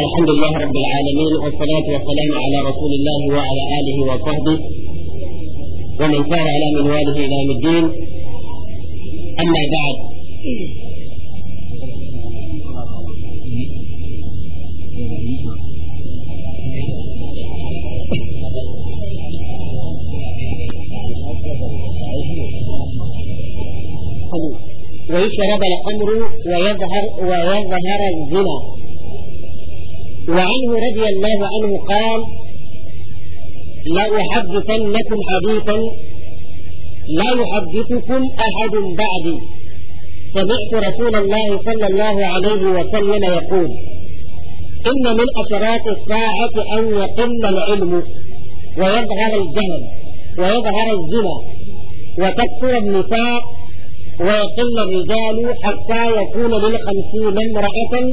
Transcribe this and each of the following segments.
الحمد لله رب العالمين والصلاة والسلام على رسول الله وعلى آله وصحبه ومن سار على منواله إلى يوم الدين أما بعد ويشرب الخمر ويظهر ويظهر الزنا وعنه رضي الله عنه قال لأحدثنكم حديثا لا يحدثكم أحد بعدي سمعت رسول الله صلى الله عليه وسلم يقول إن من أشرات الساعة أن يقل العلم ويظهر الجهل ويظهر الزنا وتكثر النساء ويقل الرجال حتى يكون للخمسين امرأة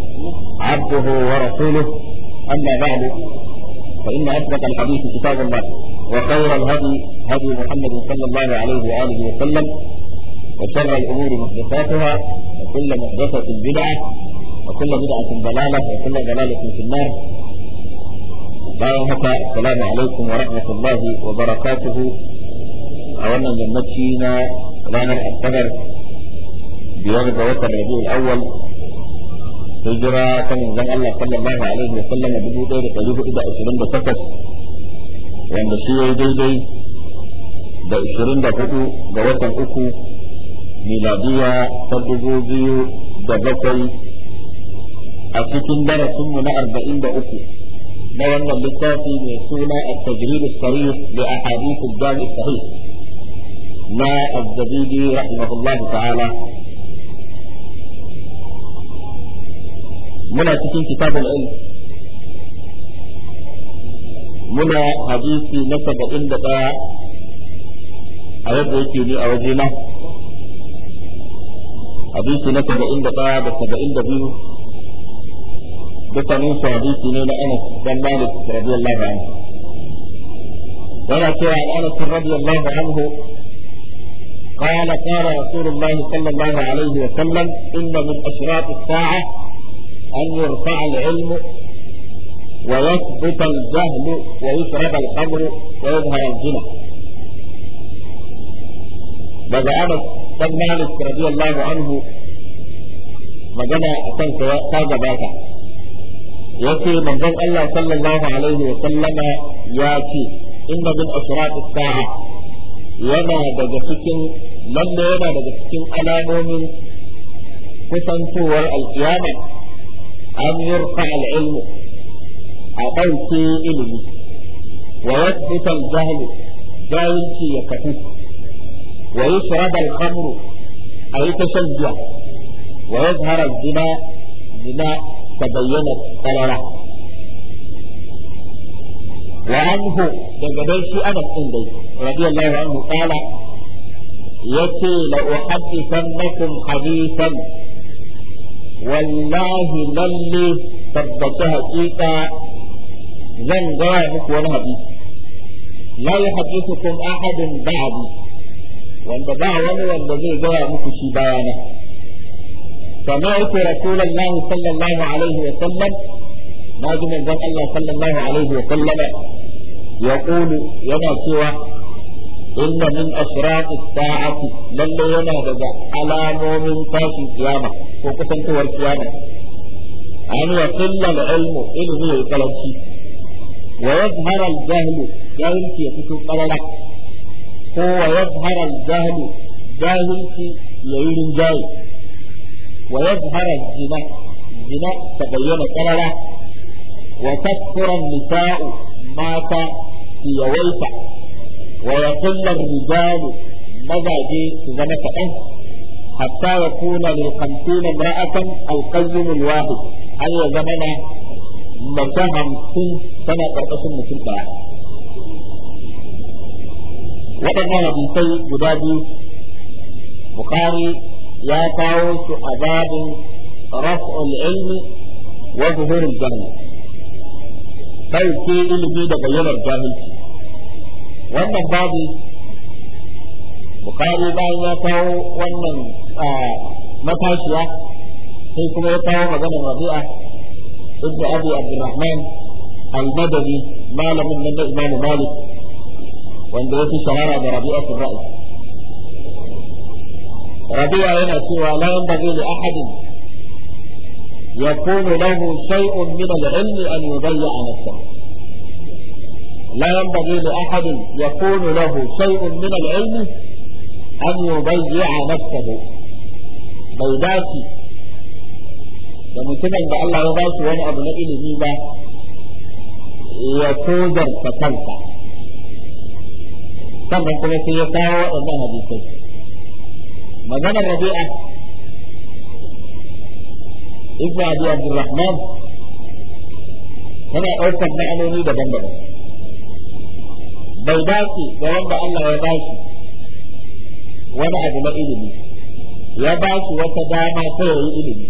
عبده ورسوله أما بعد فإن أثبت الحديث كتاب الله وخير الهدي هدي محمد صلى الله عليه وآله وسلم وشر الأمور محدثاتها وكل محدثة بدعة وكل بدعة ضلالة وكل ضلالة في النار بارك السلام عليكم ورحمة الله وبركاته أولا barakatuhu a wannan yammaci na ranar asabar hijira ta manzon Allah sallallahu alaihi wa sallam dubu ɗaya da ɗari hudu da ashirin da takwas wanda shi ya yi daidai da ashirin da hudu ga watan uku miladiya ta dubu biyu da bakwai a cikin darasinmu na arba'in da uku na wannan littafi mai suna a tajrid as-sarih li ahadith al-jami' sahih na az-zabidi rahimahullah ta'ala منا تكون كتاب العلم منا حديثي نسب عند باء أود يكيني أودينا حديثي نسب عند باء بسب عند بيه بسنين صحبيثي نين أنس بن مالك رضي الله عنه وانا كي عن أنس رضي الله عنه قال قال رسول الله صلى الله عليه وسلم إن من أشراط الساعة أن يرفع العلم ويثبت الجهل ويشرب الخمر ويظهر الجنة بعد أنس بن مالك رضي الله عنه ما جمع أسان سواء باتا يأتي من ذن الله صلى الله عليه وسلم يأتي إن من أشراط الساعة وما بجسكن من وما بجسكن ألامهم kusantowar القيامة أن يرفع العلم أطوكي إلمي ويثبت الجهل في يكتب ويشرب الخمر أي تشجع ويظهر الزنا زنا تبينت قلله وعنه دجبين شيء أنس عندي رضي الله عنه قال يتي لأحدثنكم حديثا wallahi lalle tabbata hakika zan gaya muku wani hadisi la yi hadisi kun ahadin ba'adu wanda ba wani wanda zai gaya muku shi bayana sama yake rasulallahu sallallahu alaihi wa sallam na zan manzon Allah sallallahu alaihi wa sallama ya kulu yana cewa inna min asrati sa'ati lalle yana daga alamomin tashin kiyama ko kusantowar kiyama an wa kullal ilmu ilmi ya kalanci wa yazhara al jahl jahilci ya fito kalala ko wa yazhara al jahl jahilci ya yi rinjaye wa yazhara zina zina ta bayyana kalala wa takfura nisa'u mata su yawaita ويقل الرجال مزاجي زمتك حتى يكون للخمسين امرأة القيم الواحد أي زمن مجمع سن سنة قرقش في كلا وقد قال ابن سيد جبادي بخاري يا تاوس عذاب رفع العلم وظهور الجهل طيب، فيكي إلي بيدك يلر جاهلتي wannan babu bukari bayan ya kawo wannan matashiya sai kuma ya kawo magana rabi'a ibnu abi abdurrahman al-madani malamin nan da imamu malik wanda ya fi shahara da rabi'a rabi'atul ra'i rabi'a yana cewa la yan bazi li ahadin yakunu lahu shay'un min al-ilmi an yudayya nafsahu لا ينبغي لأحد يكون له شيء من العلم أن يضيع نفسه بيداتي da mutumin da Allah ya ba shi wani abu na ilimi ba ya tozarta kansa sannan kuma sai ya kawo waɗannan hadisai maganar rabi'a ibn abi abdurrahman tana ɗaukar ma'anoni daban-daban bai dace ga wanda Allah ya bashi wani abu na ilimi ya bashi wata dama ta yayi ilimi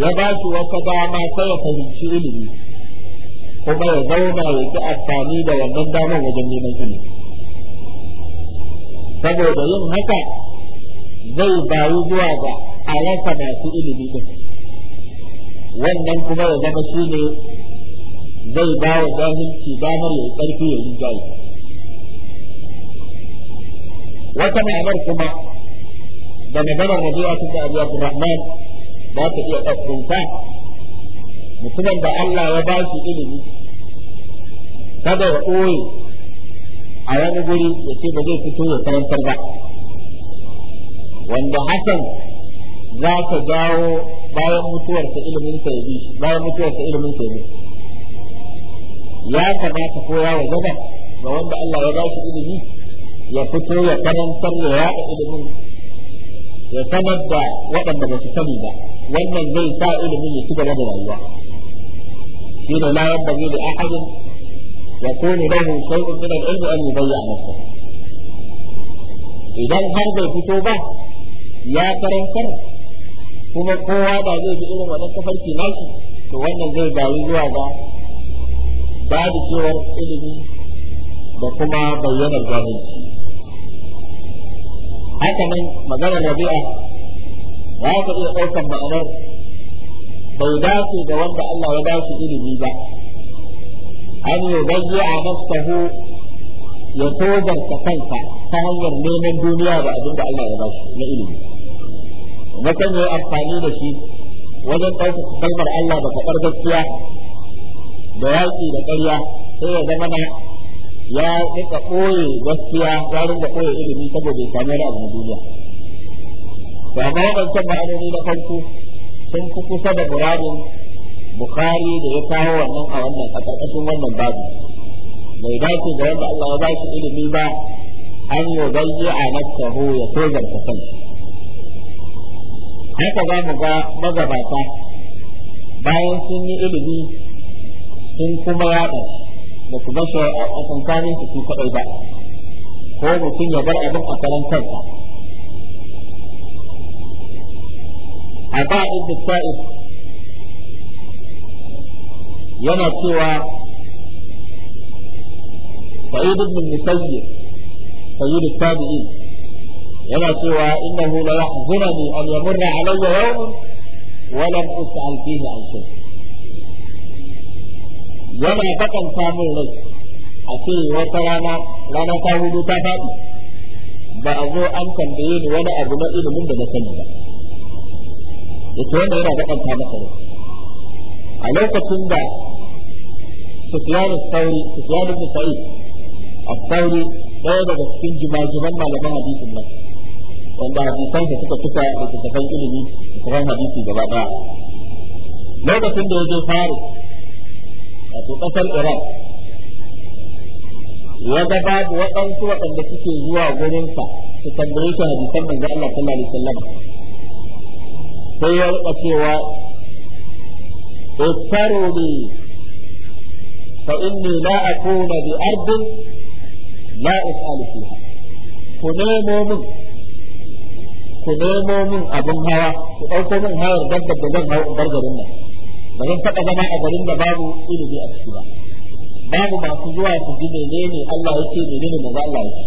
ya bashi wata dama ta ya fahimci ilimi kuma ya zauna ya ci amfani da wannan damar wajen neman ilimi saboda yin haka zai bayu zuwa ga alaka masu ilimi din wannan kuma ya zama shi ne zai ba wa jahilci damar ya yi ƙarfi ya yi jahilci wata ma'anar kuma da maganar rabi'a tun abu abdurrahman ba ta iya ɗaukunta mutumin da Allah ya ba shi ilimi kada ya ɓoye a wani guri ya ce ba zai fito ya karantar ba wanda hakan za ta jawo bayan mutuwarsa ilimin sa ya bi bayan mutuwarsa ilimin sa ya bi ya kamata ko ya wajaba ga wanda Allah ya ba shi ilimi ya fito ya karantar ya ilimin ya sanar da waɗanda ba su sani ba wannan zai sa ilimin ya ci gaba da rayuwa shi ne na yadda ne da ahadin ya kone lahu sai in gina ilmi an bayyana masa idan har bai fito ba ya karantar kuma kowa ba zai bi irin wannan kafarki nashi to wannan zai bayi zuwa ga babu cewar ilimi da kuma bayyanar jahilci haka nan maganar rabi'a ba ka iya ɗaukar ma'anar bai dace da wanda Allah ya dace ilimi ba an yi bayyi a nafsahu ya tobarta kansa ta hanyar neman duniya da abin da Allah ya bashi na ilimi mutum ya yi amfani da shi wajen ɗaukar kalmar Allah da kaɓar gaskiya da yaƙi da ƙarya sai ya zama na ya rika ɓoye gaskiya ya rinka ɓoye ilimi saboda ya samu wani duniya to amma waɗancan ma'anoni na farko sun fi kusa da muradin bukhari da ya kawo wannan a wannan a ƙarƙashin wannan babu bai dace da wanda Allah ya ba shi ilimi ba an yi bayyi a nafsahu ya tozar ta kai haka za mu ga magabata bayan sun yi ilimi sun kuma yaɗa ba su bar shi a tsankanin su kaɗai ba ko mutum ya bar abin a karan kansa a ba ibn sa'id yana cewa sa'id ibn musayyib sayyid tabi'in yana cewa innahu la yahzunani an yamurra alayya yawm wa lam us'al fihi an shay' yana bakan samun rai a ce wata rana rana ta hudu ta faɗi ba a zo an tambaye ni wani abu na ilimin da na sani ba yake wanda yana bakan samun masa rai a lokacin da sufiyanu sauri thawri Sufyan Sa'id ɗaya daga cikin jimajiman malaman hadisin nan wanda da suka fita da tafan ilimi da tafan hadisi gaba ɗaya lokacin da ya je faru wato kasar Iran wanda babu waɗansu waɗanda suke zuwa gurinsa su tambaye shi hadisan manzo Allah sallallahu alaihi sai ya rika cewa ittaru li fa inni la akuna bi ardin la usali fiha ku nemo min ku nemo abin hawa ku dauko min hawar dabbar da zan bar garin nan ba zan taɓa zama a garin da babu ilimi a ciki ba babu masu zuwa su ji menene Allah ya ce menene maza Allah ya ce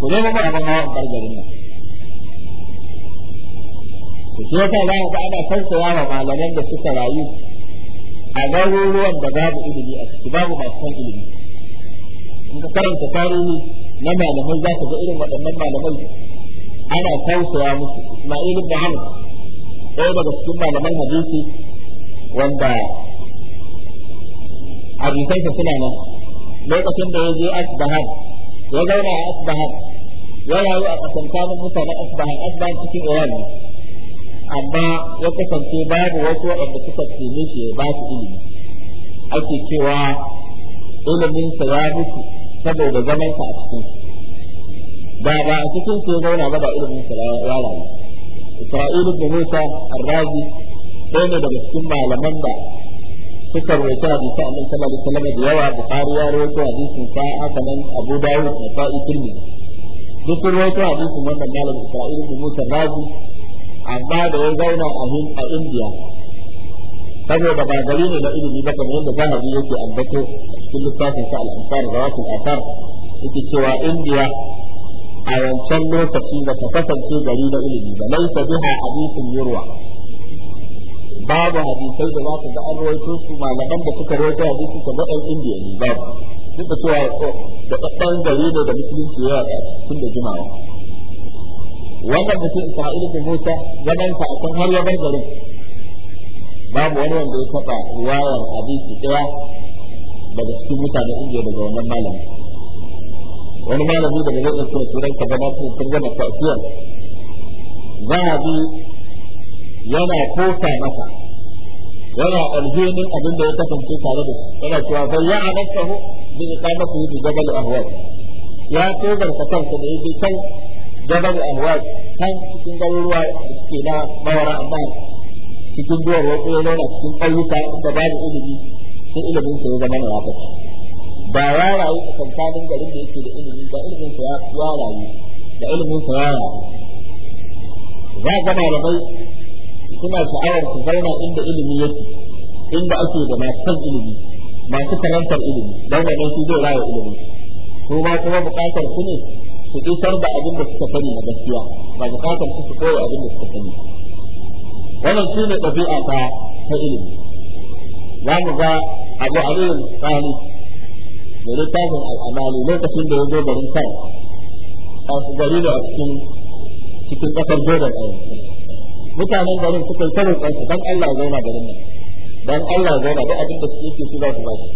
to zai zama abin hawa bar garin nan to shi yasa za ka ana tausaya wa malaman da suka rayu a garuruwan da babu ilimi a ciki babu masu san ilimi in ka karanta tarihi na malamai za ka ga irin waɗannan malamai ana tausaya musu Isma'il ibn Hamad ɗaya daga cikin malaman hadisi wanda abokansa suna nan lokacin da ya je asbahan ya zauna a asbahan ya rayu a kasantanin mutanen asbahan asbahan cikin iran ne amma ya kasance babu wasu waɗanda suka tsini shi ya ba su ilimi ake cewa iliminsa ya mutu saboda zamansa a cikin ba ba a cikin su ya zauna ba da iliminsa ya rayu Isra'ilu da Musa Arrazi ɗaya ne daga cikin malaman da suka rawaita hadisi Allah sallallahu alaihi wasallam da yawa bukhari ya a hadisin sa haka nan abu dawud da sa'i tirmidhi duk sun a hadisin wannan malam isra'il ibn musa razi amma da ya zauna a hin a indiya saboda ba gari ne na ilimi ba kamar yadda zahabi yake ambato cikin littafin sa al-ansar zawatul asar yake cewa indiya a wancan lokaci ba ta kasance gari na ilimi ba laisa biha hadithun yurwa babu hadisai da za ka ga an rawaito su malaman da suka rawaito hadisi kamar ɗan indiya ne babu duk da cewa oh, da ɗan gari ne da musulunci ya yaɗa tun da jimawa wannan mutum isra'ila da musa zaman sa a kan har ya bar garin babu wani wanda ya taɓa ruwayar hadisi ɗaya daga cikin mutanen indiya daga wannan malami wani malami daga zai ɗauki da sunansa ba ma sun gama tafiyar za a bi yana kofa masa yana alhinin abin da ya kasance tare da shi yana cewa ya a nafsahu bi iqamati bi jabal ahwaz ya da ka kansa da yake kan jabal ahwaz kan cikin garuruwa da suke na mawara amma cikin duwar wasu ya nuna cikin ayyuka da babu ilimi sai ilimin sa ya zama na rafaci ba ya rayu a tsakanin garin da yake da ilimi ba ilimin sa ya rayu da ilimin sa ya rayu za ga malamai suna sha'awar su zauna inda ilimi yake inda ake da masu san ilimi masu karantar ilimi don wannan su zai raya ilimi su ma kuma bukatar su ne su isar da abin da suka sani na gaskiya ba bukatar su su koya abin da suka sani wannan shi ne ɗabi'a ta ta ilimi za mu ga abu aliyu tsani da littafin al'amali lokacin da ya zo garin kan gari ne a cikin cikin ƙasar jordan a yanzu mutanen garin suka yi ta roƙon dan Allah ya zauna garin nan dan Allah ya zauna da abin da suke su za su ba shi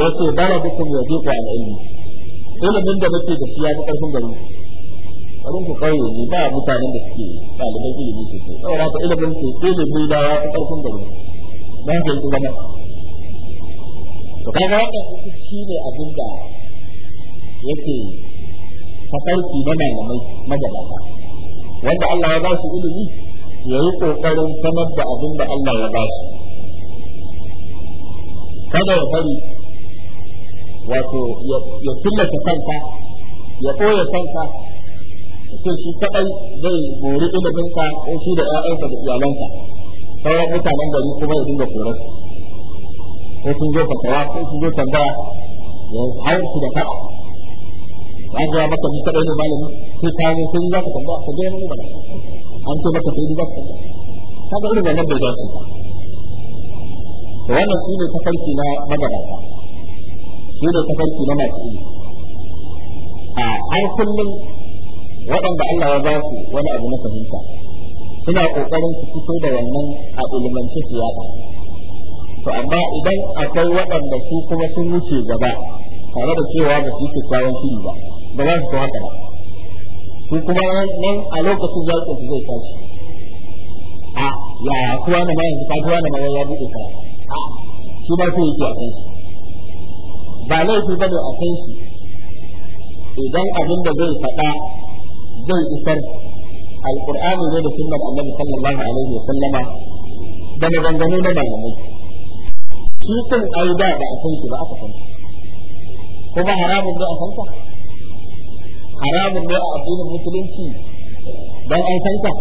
yace baladukum yadiqu al ilmi ilimin da muke da shi ya fi karfin garin garin ku kauye ne ba mutanen da suke ɗaliban ilimi sosai saboda haka ilimin ku ilimi da ya fi karfin garin ba ka yi zama to kaga wannan shi ne abin da yake tafarki na malamai magabata wanda Allah ya ba su ilimi ya yi kokarin sanar da abin da Allah ya ba su kada ya bari wato ya killata kanka ya koya kanka ce shi kadai zai gori iliminka ko shi da ƴaƴansa da iyalanka sauran mutanen gari kuma ya dinga korar ko sun zo fatawa ko sun zo tambaya ya hau su da fada an ga maka ni kadai ne malami sai ka zo sai za ka tambaya ka ga mun bana an ce maka sai za ka ka ga irin wannan bai dace ba wannan shine tafarki na magabata shine tafarki na masu ilimi a har kullum waɗanda Allah ya ba su wani abu na fahimta suna ƙoƙarin su fito da wannan a ilimance su yaɗa to amma idan akwai waɗanda su kuma sun wuce gaba tare da cewa ba su yi kyakkyawan shiri ba ba za su haka ba su kuma nan a lokacin zaƙin su zai tashi a ya kuwa na mayan ta kuwa na mayan ya buɗe ka a shi ba su yake a kan shi ba laifi ba ne a kan shi idan abin da zai faɗa zai isar alƙur'ani ne da sunnar annabi sallallahu alaihi wa sallama da maganganu na malamai shi sun aida ba a san shi ba aka san shi kuma haramun ne a san haramun ne a addinin musulunci don an san ka?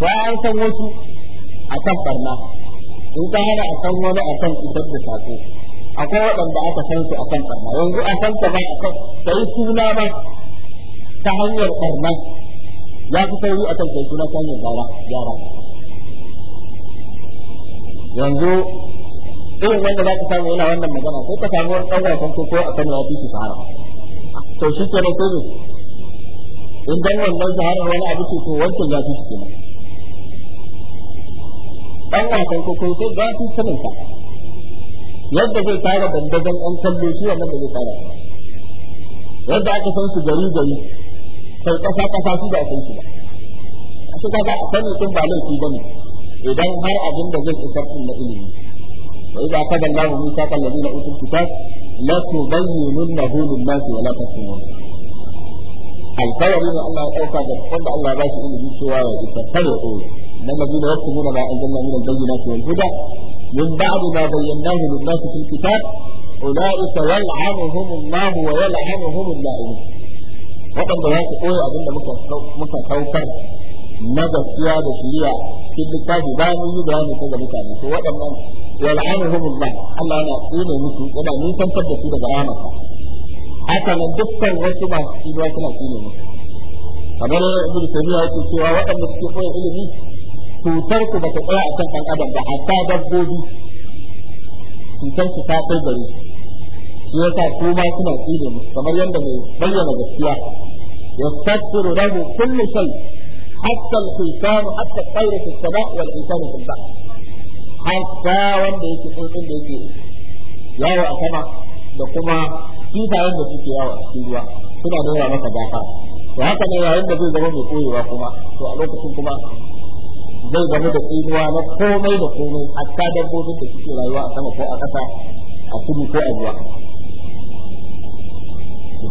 ko an san wasu a kan barna in ka hana a san wani a kan isar da sako akwai waɗanda aka san su a kan barna yanzu a san ka ba a kan sai yi suna ba ta hanyar barna ya fi sauri a kan sai suna ta hanyar gara gara yanzu irin wanda za ka samu yana wannan magana sai ka samu wani ɗan wasan ko a kan ya fi su fara to shi ke na sai in dan wannan shahara wani abu ce to wancan ya fi shi dan wasan ko sai ya fi sanin sa yadda zai fara dandazon an kallo shi wannan da zai fara. yadda aka san su gari gari sai kasa kasa shi da san shi ba a ka kaga a sanin din ba laifi ba ne idan har abin da zai isar din na ilimi wa idza qadallahu mithaqa na utul kitab la tubayyinunnahu lin-nasi wa la taktumun alkawari ne Allah ya ɗauka da wanda Allah ba shi ilimi cewa ya isa kare ko na madina ya kuma da an zanna min bayyinati wal huda min wa wadanda ya su koyi abin da muka muka saukar na gaskiya da shari'a cikin littafi bayan yi bayani ta ga mutane to waɗannan yal'anuhum Allah Allah yana tsine musu yana nisantar da su daga ramarsa haka nan dukkan wasu masu tsinuwa suna tsine musu kamar ibnu taymiya yake cewa waɗanda suke koyar ilimi cutar ku ta tsaya akan kan adam ba hatta dabbobi cutar su ta kai gari shi yasa su ma suna tsine musu kamar yadda mai bayyana gaskiya yastaghfiru lahu kullu shay hatta al-hitam hatta at-tayr fi as-sama' wal-insan fi al-bahr hasa wanda yake tsotsin da yake yawo a sama da kuma kifayen da suke yawo a cikin ruwa suna nuna masa gafa to haka ne yayin da zai zama mai koyewa kuma to a lokacin kuma zai zama da tsinuwa na komai da komai hatta dabbobin da suke rayuwa a sama ko a ƙasa a kudu ko a ruwa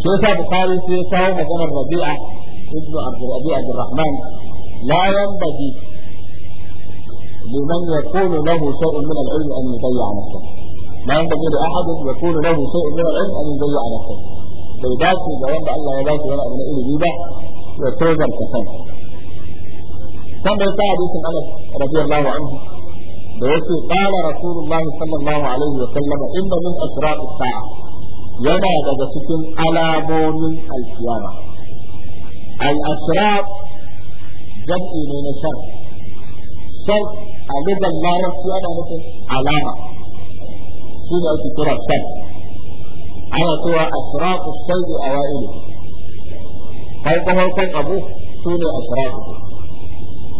sai sa bukari sai ya kawo maganar rabi'a ibnu abdul abdurrahman la yanbaghi لمن يكون له شيء من العلم أن يضيع نفسه ما ينبغي لأحد يكون له شيء من العلم أن يضيع نفسه بيبات جواب الله يبات ولا من إلي بيبا يتوزع الكفان كان بيطاعد اسم أنس رضي الله عنه بيسي قال رسول الله صلى الله عليه وسلم إن من أسرار الساعة يما بجسكم على بون القيامة الأسرار جمع من شرق sal a lugar larabci ana nufin alama shi ne ake kira ana cewa abu su ne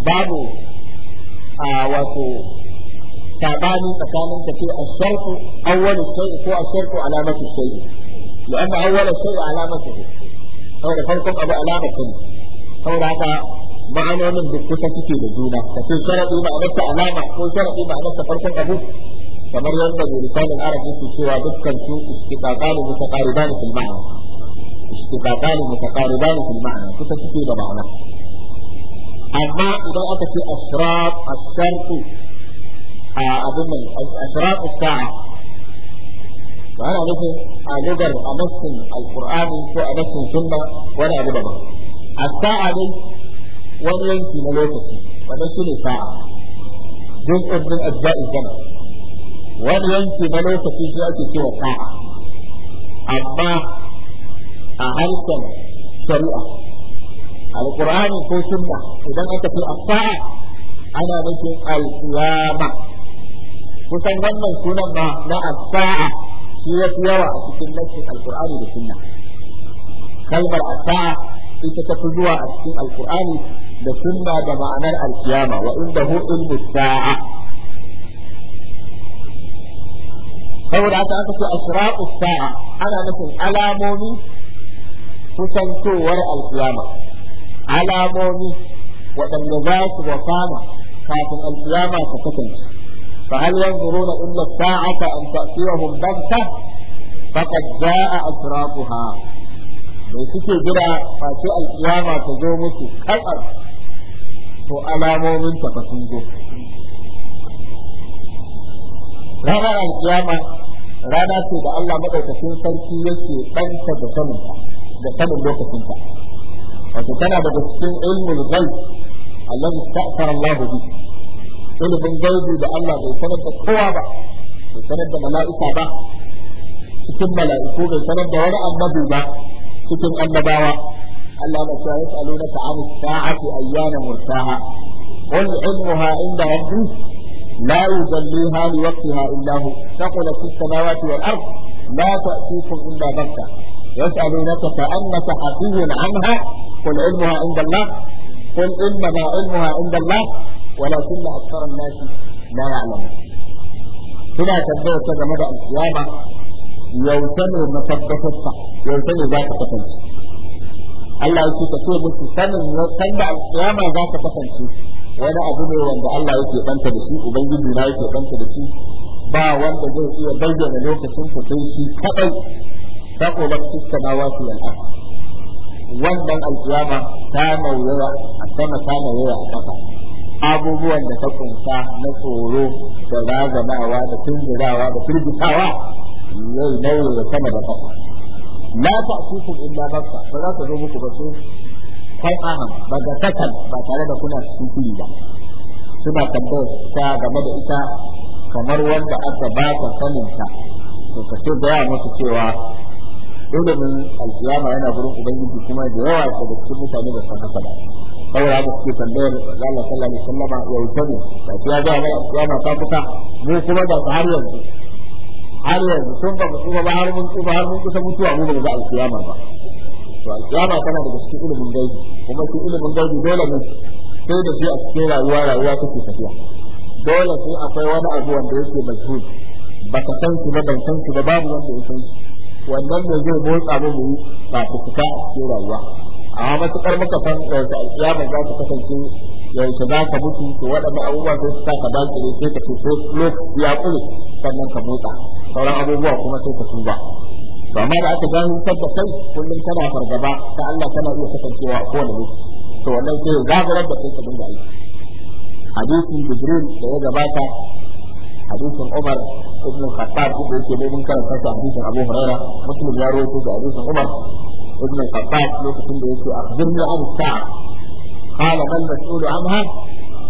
babu a wato sabani tsakanin awwalu ko saboda haka ma'anonin da kusa suke da juna ka ce sharadi ma'anarsa alama ko sharadi ma'anarsa farkon abu kamar yadda mai lisanin arab yake cewa dukkan su istiqaqalu mutaqaribani fil ma'na istiqaqalu mutaqaribani fil ma'na kusa suke da ma'ana amma idan aka ce asrar ashartu a abin mai. asrar sa'a to ana nufin a lugar a nassin alqur'ani ko a nassin sunna wani abu daban as-sa'a dai wani yanki na lokaci su ne sa'a duk ibn ajza'i zaman wani yanki na lokaci shi ake cewa sa'a amma a harshen shari'a alqur'ani ko sunna idan aka ce a saa ana nufin al kusan wannan sunan ma na as-sa'a shi yafi yawa a cikin nashin alqur'ani da sunna kalmar a saa ita ta fi zuwa a cikin alkur'ani da sunna da ma'anar alkiyama wa inda hu ilmu sa'a saboda haka aka ce asra'u sa'a ana nufin alamomi kusantowar alkiyama alamomi waɗanda za su wakana kafin alkiyama ta kasance fa hal yanzuruna illa sa'ata an ta'tiyahum baghtah faqad jaa asraquha mai suke jira face alkiyama ta zo musu kal'ar to alamomin ta fa sun zo ranar alkiyama rana ce da Allah maɗaukacin sarki yake ɗanta da saninta da sanin lokacinta wato tana daga cikin ilmul a allazi ta'tara Allah bi ilmin gaibi da Allah bai sanar da kowa ba bai sanar da mala'ika ba cikin mala'iku bai sanar da wani annabi ba cikin annabawa Allah na يسألونك عن الساعة sa'ati مرساها قل علمها 'ilmuha ربي لا يجليها لوقتها إلا هو ثقلت في السماوات والأرض لا تأتيكم إلا بغتة يسألونك كأنك حفي عنها قل علمها عند الله قل إنما علمها عند الله ولكن أكثر الناس لا يعلمون هنا تبدأ كذا مدى القيامة yaushe ne na matabbatarsa yaushe ne za ka kasance Allah yake ka ce musu sanin san da alƙiyama za ka kasance wani abu ne wanda Allah yake banta da shi ubangiji na yake banta da shi ba wanda zai iya bayyana lokacin ta sai shi kadai sako ba su samawa su yal'a wannan alƙiyama ta nauyaya a sama ta nauyaya a ƙasa abubuwan da ta kunsa na tsoro da razanawa da tunzurawa da firgitawa yau nauyi da sama da ƙasa la ta'tukum illa bakka ba za ka zo muku ba sai kai ahan ba ga takan ba tare da kuna sukuri ba suna tambayar ta game da ita kamar wanda aka ba ka sanin ta to ka ce gaya musu cewa ilimin alkiyama yana gurin ubangiji kuma da yawa daga cikin mutane ba san haka ba saboda haka suke tambayar Allah sallallahu alaihi wasallama ya wuce ne ba ya ga alkiyama ta kusa mu kuma da har yanzu har yanzu sun ba su ba har mun tsufa har mun kusa mutuwa mu ba mu ga alkiyama ba to alkiyama tana daga cikin ilimin gaibi kuma cikin ilimin gaibi dole ne sai da shi a cikin rayuwa rayuwa take tafiya dole sai akwai wani abu wanda yake majhul ka san shi ba ban san shi ba babu wanda ya san shi wannan ne zai motsa mu mu ba ku fita a cikin rayuwa amma matukar muka san da alkiyama za ta kasance yaushe za ka mutu to waɗanda abubuwa sai su saka ka ba ki sai ka tuso lokaci ya kure sannan ka motsa sauran abubuwa kuma sai ka tuba to amma da aka gano sabba kai kullum tana fargaba ta Allah tana iya kasancewa a kowane lokaci to wannan sai ya zaburar da kai ka dinga aiki hadisin jibril da ya gabata hadisin umar ibn khattab da yake ne mun karanta shi hadisin abu huraira muslim ya rawaito da hadisin umar ibn khattab lokacin da yake akhbirni an sa'a قال ما المسؤول عنها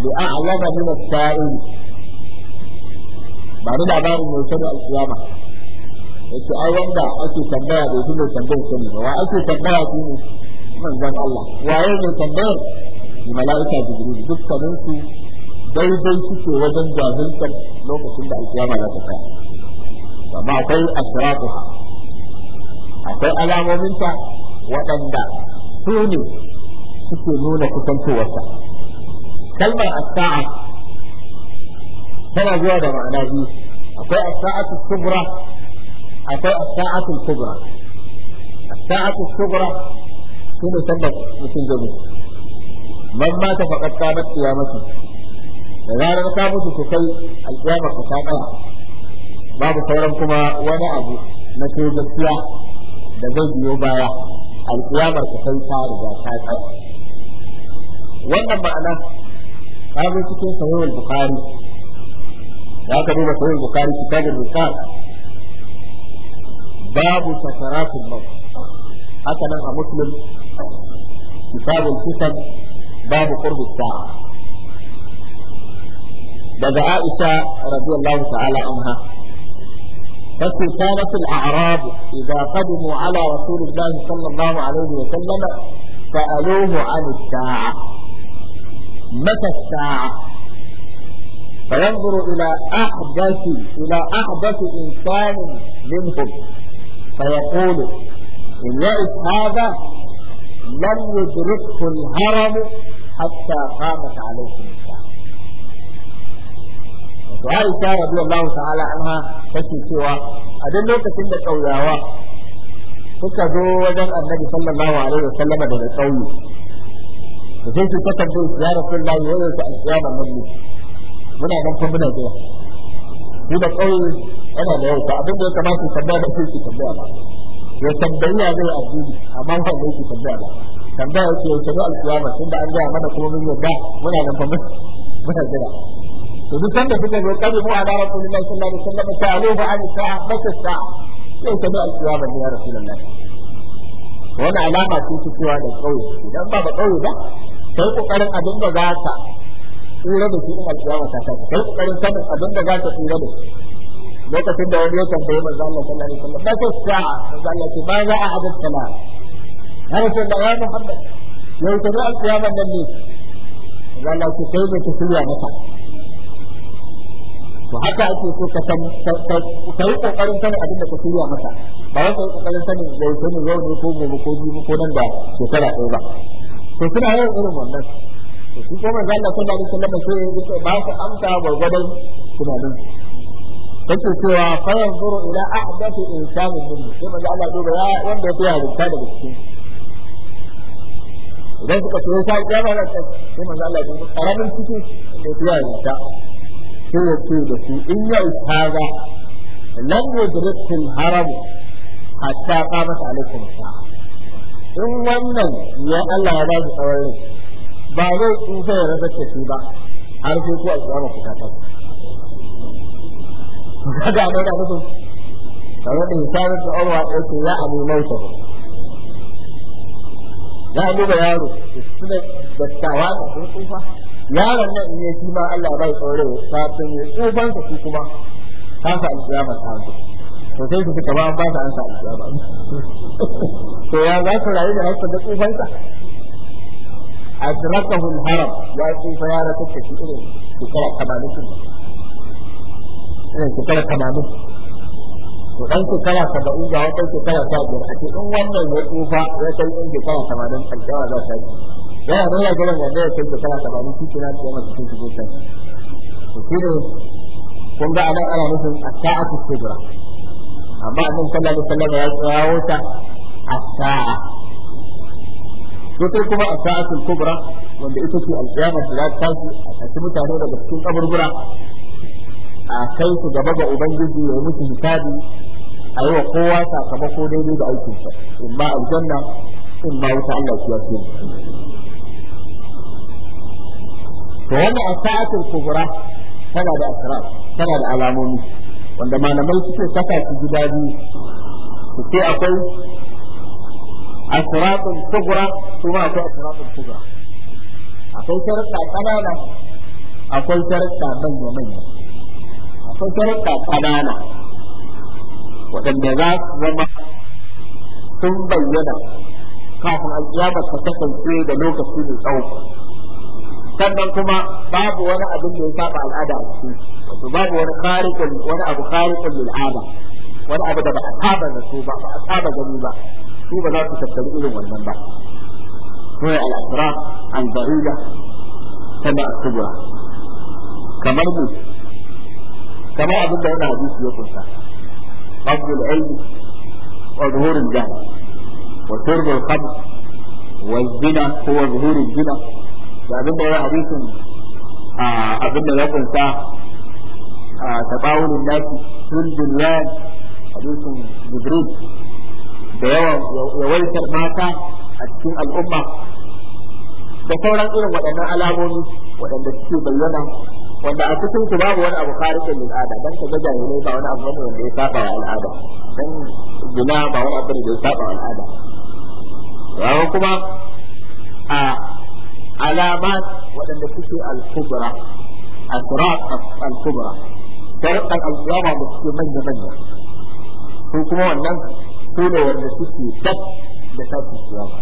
لأعلم من السائل بعد labarin mai sani alkiyama yace ai wanda ake tambaya bai fi mai tambayar sani ba wa ake tambaya shi ne manzon Allah waye mai tambayar ni mala'ika jibril dukkanin su daidai suke wajen jahilkar lokacin da alkiyama za ta kai amma akwai asratuha akwai alamominta waɗanda su ne suke nuna kusantowarsa kalmar as-sa'a tana zuwa da ma'ana biyu akwai as-sa'atu kubra akwai as-sa'atu kubra as-sa'atu kubra shine sallar mutum zai mutu man ma ta faqad qamat qiyamati da zarar ka mutu to kai al-qiyamah ka tsaya babu sauran kuma wani abu na gaskiya da zai biyo baya alƙiyamar ka sai ta riga ta tsaya wannan ma'ana ta zo cikin sahihul bukhari ya ka duba sahihul bukhari kitabul rusal babu sakaratul maut haka nan a muslim kitabul fitan babu qurbi sa'a daga Aisha radiyallahu ta'ala anha فقد كانت الأعراب إذا قدموا على رسول الله صلى الله عليه وسلم سألوه عن الساعة متى الساعة فينظر إلى أحدث إلى أحدث إنسان منهم فيقول إن هذا لم يدركه الهرم حتى قامت عليه الساعة وعائشة رضي الله تعالى عنها تشكي أدل لوكة عند قولاها suka zo wajen annabi sallallahu alaihi wasallama daga ƙauye to sai su ta tambaye su ya rasu lai ya yi alƙiyamar nan muna nan fa muna zuwa ni da ƙauye yana da yau abin da ya kamata su tambaya ba sai su tambaya ba ya ya zai addini amma ba zai su tambaya ba tambaya yake yau ta zo alƙiyamar tunda an gaya mana kuma mun yadda muna nan fa muna jira to duk sanda suka zo kabi mu ala rasulullahi sallallahu alaihi wasallam ta aluhu an sa'a mata sa yau ta zo ya rasulullahi Wani alama ce ta cewa da ƙauye idan ba ba ƙauye ba kai kokarin abin da za ka tsira da shi in alƙiyama ta kai kai kokarin sanin abin da za ka tsira da shi lokacin da wani ya tambaye manzo Allah sallallahu alaihi wasallam ba ta sa'a manzo Allah ce ba za a hadith sama har sai da ya Muhammad ya yi da alƙiyama nan ne manzo Allah ce kai ne ka shirya maka to haka ake so ka san ka yi kokarin sanin abin da ka shirya masa ba wai ka yi kokarin sanin yau ne zo ne ko gobe ko jibi ko nan da shekara ɗaya ba to suna yawan irin wannan to shi ko manzo Allah sallallahu alaihi wasallam sai yake ba su amsa gurgurdan tunanin yake cewa fa yanzuru ila ahdathi insanin min sai manzo Allah duba ya wanda ya fi harinta daga cikin idan suka so ya ya ba da sai manzo Allah duba karamin ciki da ya harinta sai ya ce da su in ya ishaga lam yudrikul haram hatta qamat alaikum sa'a in wannan ya Allah ya ba shi tsawon ba zai tsufa ya rasa tafi ba har sai a alƙiyama ku ta tafi kaga da musu mutum kamar da hisabi da urwa yake ya abu mauta ya abu ba yaro ne da tawa da sun tsufa yaron nan in shi ma Allah ya ba shi tsawon ta kafin ya tsufan ka kuma sa alƙiyama ta zo to sai su suka ba ba su an sa ba. to ya za su rayu da haska da tsufansa adrakahu haram ya tsufa ya rasu ta shi irin shekara tamanin irin shekara tamanin to dan shekara saba'in ga wata shekara sha biyar a cikin wannan ya tsufa ya kai in shekara tamanin alƙiyama za ta yi yana da ya gina wanda ya kai shekara tamanin shi kina ta yamma cikin shi ne kun ga anan ana nufin a sa'atu sujura amma annabi sallallahu alaihi wasallam ya kawo ta as-sa'a sai kuma as-sa'atul kubra wanda ita ce alƙiyamar da za ta tashi a ci mutane daga cikin kaburbura a kai su gaba ga ubangiji ya yi musu hisabi a yi wa kowa sakamako daidai da aikinsa in ma aljanna in ba wuta Allah ya ce to wannan as-sa'atul kubra tana da asrar tana da alamomi wanda malamai suke saka su gida biyu su ce akwai asiratun kubra ma akwai asiratun kubra akwai sharuɗa ƙanana akwai sharuɗa manya manya akwai sharuɗa ƙanana waɗanda za su zama sun bayyana kafin alƙiyamar ta kasance da lokaci mai tsawo sannan kuma babu wani abin da ya saba al'ada a cikin wato babu wani khariqul wani abu khariqul lil ada wani abu da ba a saba da su ba ba a saba gani ba su ba za su tattali irin wannan ba هو الأسرار البعيدة كما الكبرى كما الموت كما أظن أن حديث يقول قبض العلم وظهور الجهل وشرب الخمر والزنا هو ظهور الزنا da abin da ya hadisin abin da ya kunsa tabawul nasi sun bilwan hadisin jibril da yawan yawaitar mata a cikin al'umma da sauran irin waɗannan alamomi waɗanda suke bayyana wanda a cikin su babu wani abu kharij lil ada dan ka gaja ne ba wani abu bane wanda ya saba al'ada dan gina ba wani abu da ya al'ada kuma a alamat waɗanda suke al sharuɗan alƙiyama da suke manya manya su kuma wannan su ne wanda suke dab da tashi kiyama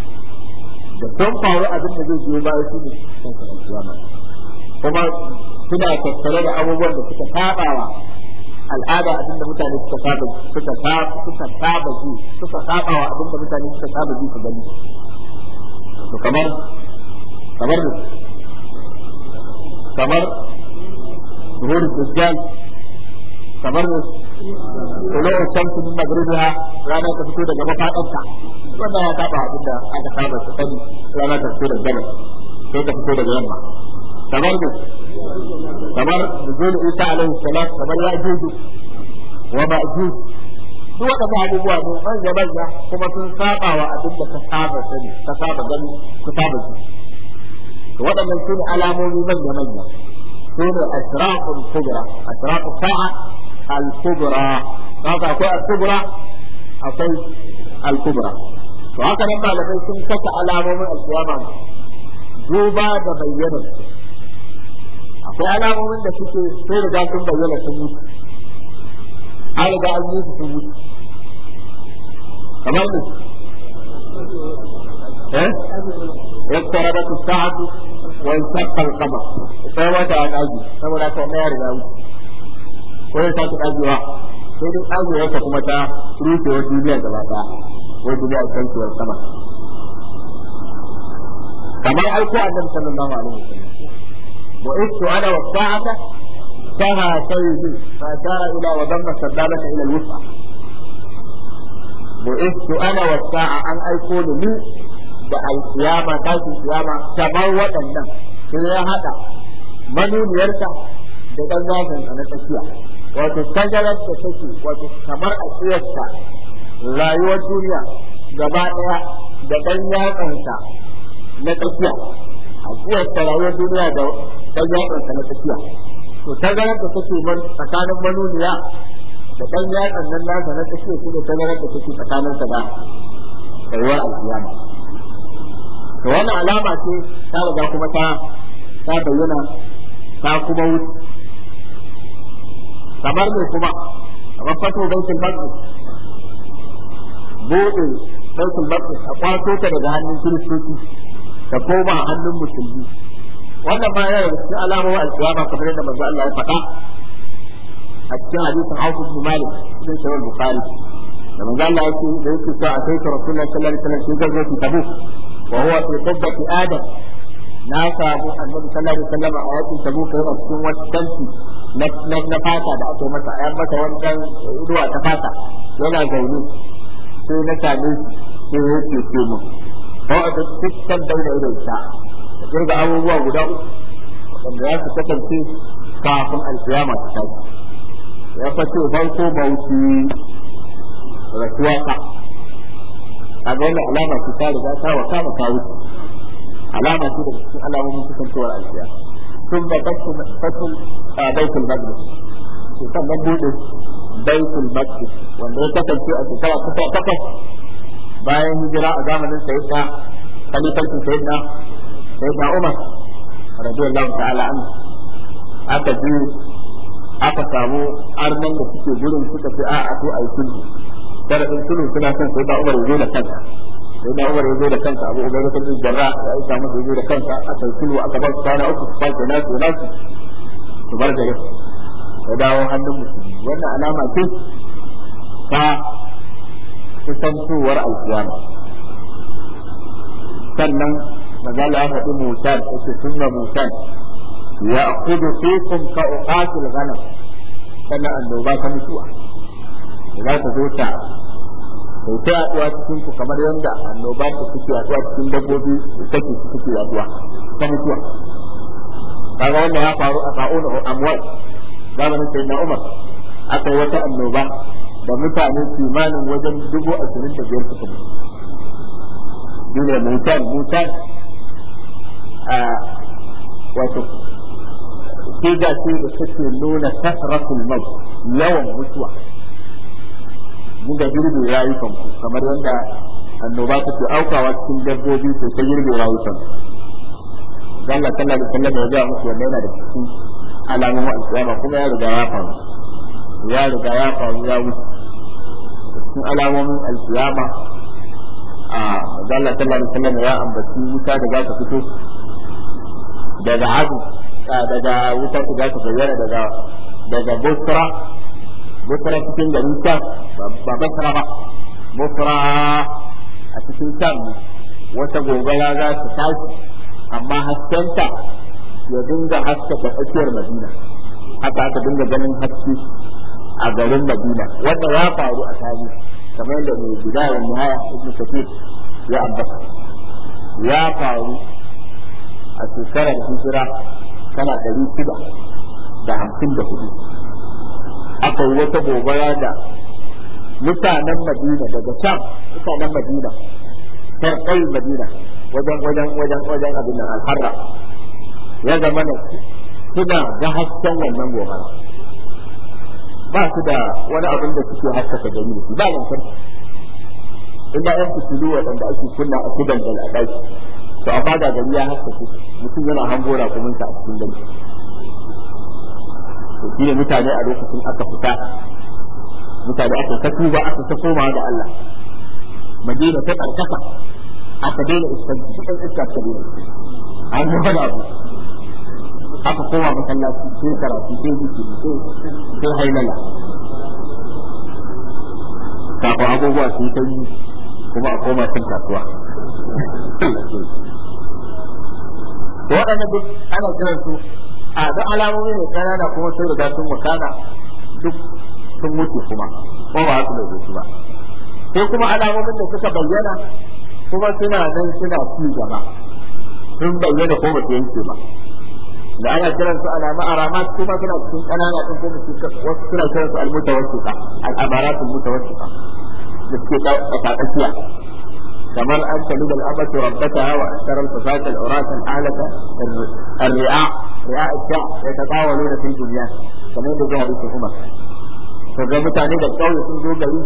da sun faru abin da zai biyo baya su ne tashi alƙiyama kuma suna tattare da abubuwan da suka sabawa al'ada abin da mutane suka saba suka saba suka saba ji suka saba wa abinda mutane suka saba ji su gani to kamar kamar kamar zuhur dajjal kamar mu tsoron shamsu min magribiha rana ta fito daga ya abin da aka saba sani rana ta fito daga sai ta fito daga yamma kamar kamar nuzul isa alaihi salam kamar ya wa duk abubuwa ne manya manya kuma sun saba wa abin da ka saba sani ka saba gani ka saba ji to waɗannan su ne alamomi manya manya su ne kubra sa'a al-kubra haka akwai al-kubra akwai al-kubra to haka nan malamai sun saka alamomin al-kiyama duba da bayyana akwai alamomin da suke sai riga sun bayyana sun mutu an riga an mutu su sun mutu kamar ne eh? Ya ku eh اقتربت الساعة وانشق القمر فما تعالى أجل فما لا تعالى يا mutu. ko ya sake dagewa sai dai dagewarsa kuma ta rushewar duniya gaba ɗaya ko duniya ta kancewar sama kamar aiko annabi sallallahu alaihi wasallam وإذ أنا والساعة فها سيدي فأشار إلى وضم السبابة إلى الوسعى بعثت أنا والساعة أن أكون لي القيامة تاتي القيامة كما waɗannan, sai ya haɗa manumiyarta da ɗan zafin a na tsakiya wato sangarar da take wato kamar a tsiyarsa rayuwar duniya gaba ɗaya da ɗan yatsansa na tsakiya a tsiyarsa rayuwar duniya da ɗan yatsansa na tsakiya to sangarar da take tsakanin manuniya da ɗan yatsan nan nasa na tsakiya shi ne sangarar da take sa da rayuwar alkiyama to wannan alama ce ta riga kuma ta ta bayyana ta kuma wuce kamar mai kuma kamar fato baitul maqdis bude baitul maqdis a kwato ta daga hannun kiristoci ta koma hannun musulmi wannan ma yana da cikin alamomin alkiyama kamar yadda manzo Allah ya faɗa a cikin hadisin Auf bin Malik cikin sahih Bukhari da manzo Allah ya ce da yake cewa akai ta Rasulullahi sallallahu alaihi wasallam shi gazo ki tabu wa huwa fi qubbati Adam na samu annabi sallallahu alaihi wasallam a yakin tabu kai a cikin wata tanti na fata da ake masa a masa wancan ruwa ta fata yana zaune sai na same shi sai ya ce ce mu ba a cikin bai da idan ta girga abubuwa guda uku da ya su kasance kafin alkiyama ta tashi ya fashe farko bauchi rasuwa ka a ga wani alama ce ta riga ta wa kama ta wuce alama ce da cikin alamomin kasancewar alkiyama ba ثم فتح بيت المقدس sannan buɗe baitul maqdis wanda ya kasance a shekara kusa takwas bayan hijira a zamanin sayyidina khalifatin sayyidina sayyidina Umar radiyallahu ta'ala an aka ji aka samu arnan da suke gurin suka ce a a to ai sulhu sharadin sulhu suna son sayyidina Umar ya zo da kansa sai Umar ya zo da kansa Abu Ubaida bin Jarrah da Aisha masa yazo da kansa aka kullu a ba sana uku ba ke nasu nasu su bar gare ya dawo hannun musulmi wannan alama ce ta kusantowar alkiyama sannan magana ya faɗi musan yake sunna musan ya kudu fikum ka uqatil ghanam sannan annoba ta mutuwa za ta zo ta sai ta yaduwa cikin ku kamar yadda annoba ta take yaduwa cikin dabbobi take take yaduwa ta mutuwa kaga wannan ya faru a sa'una amwal zamanin sayyidina Umar aka wata annoba da mutane kimanin wajen dubu ashirin da biyar suka mutu shine mutan mutan a wato sai ga shi da suke nuna kasratul maut yawan mutuwa muka girbe rayukan ku kamar yadda annoba take aukawa cikin dabbobi to ta girbe rayukan Allah sallallahu alaihi wasallam ya ga musu wannan yana da cikin alamun alƙiyama kuma ya riga ya faru ya riga ya faru ya wuce cikin alamomin alƙiyama a Allah sallallahu alaihi wasallam ya ambaci wuta da za ta fito daga azu daga wuta da za ta bayyana daga daga busra Bukra cikin garin Sham ba Basra ba Bukra a cikin Sham ne wata gobara za ta tashi amma haskenta ya dinga haskaka tsakiyar Madina haka aka dinga ganin haske a garin Madina wanda ya faru a tarihi kamar da mai guda wa muhaya ibn Kathir ya ambata ya faru a shekarar hijira tana ɗari shida da hamsin da hudu aka yi wata gobara da mutanen madina daga can mutanen madina farkai madina wajen wajen wajen wajen abin alharra ya zama na suna ga hasken wannan gobara ba su da wani abin da suke haskaka gani da su ba lantarki inda yan fitilu waɗanda ake kunna a kudan a al'adaki to a da gari ya haskaka mutum yana hango rakuminsa a cikin gari shi ne mutane a lokacin aka fita mutane aka ta tuba aka ta koma ga Allah madina ta karkasa aka daina iskanci cikin iska ta daina an yi wani abu aka koma masallaci sai karatu sai jiki sai hailala kafin abubuwa su yi ta yi kuma a koma kan kasuwa waɗannan duk ana kiransu a ga alamomi mai kanana kuma sun riga sun makana duk sun mutu kuma ko ba su da su ba sai kuma alamomin da suka bayyana kuma suna nan suna ci gaba sun bayyana ko ba su yanke ba da ana kiran su alama aramat kuma suna cikin kanana din ko su wasu suna kiran su almutawassita al-amarat almutawassita da suke tsakatsakiya kamar an taliba al-abatu rabbataha wa ashara al-fasata al-urata al-alata ar ya ta ya ta bawa ne da filin ya kamar da zuwa duk kuma to ga mutane da kauye sun zo gari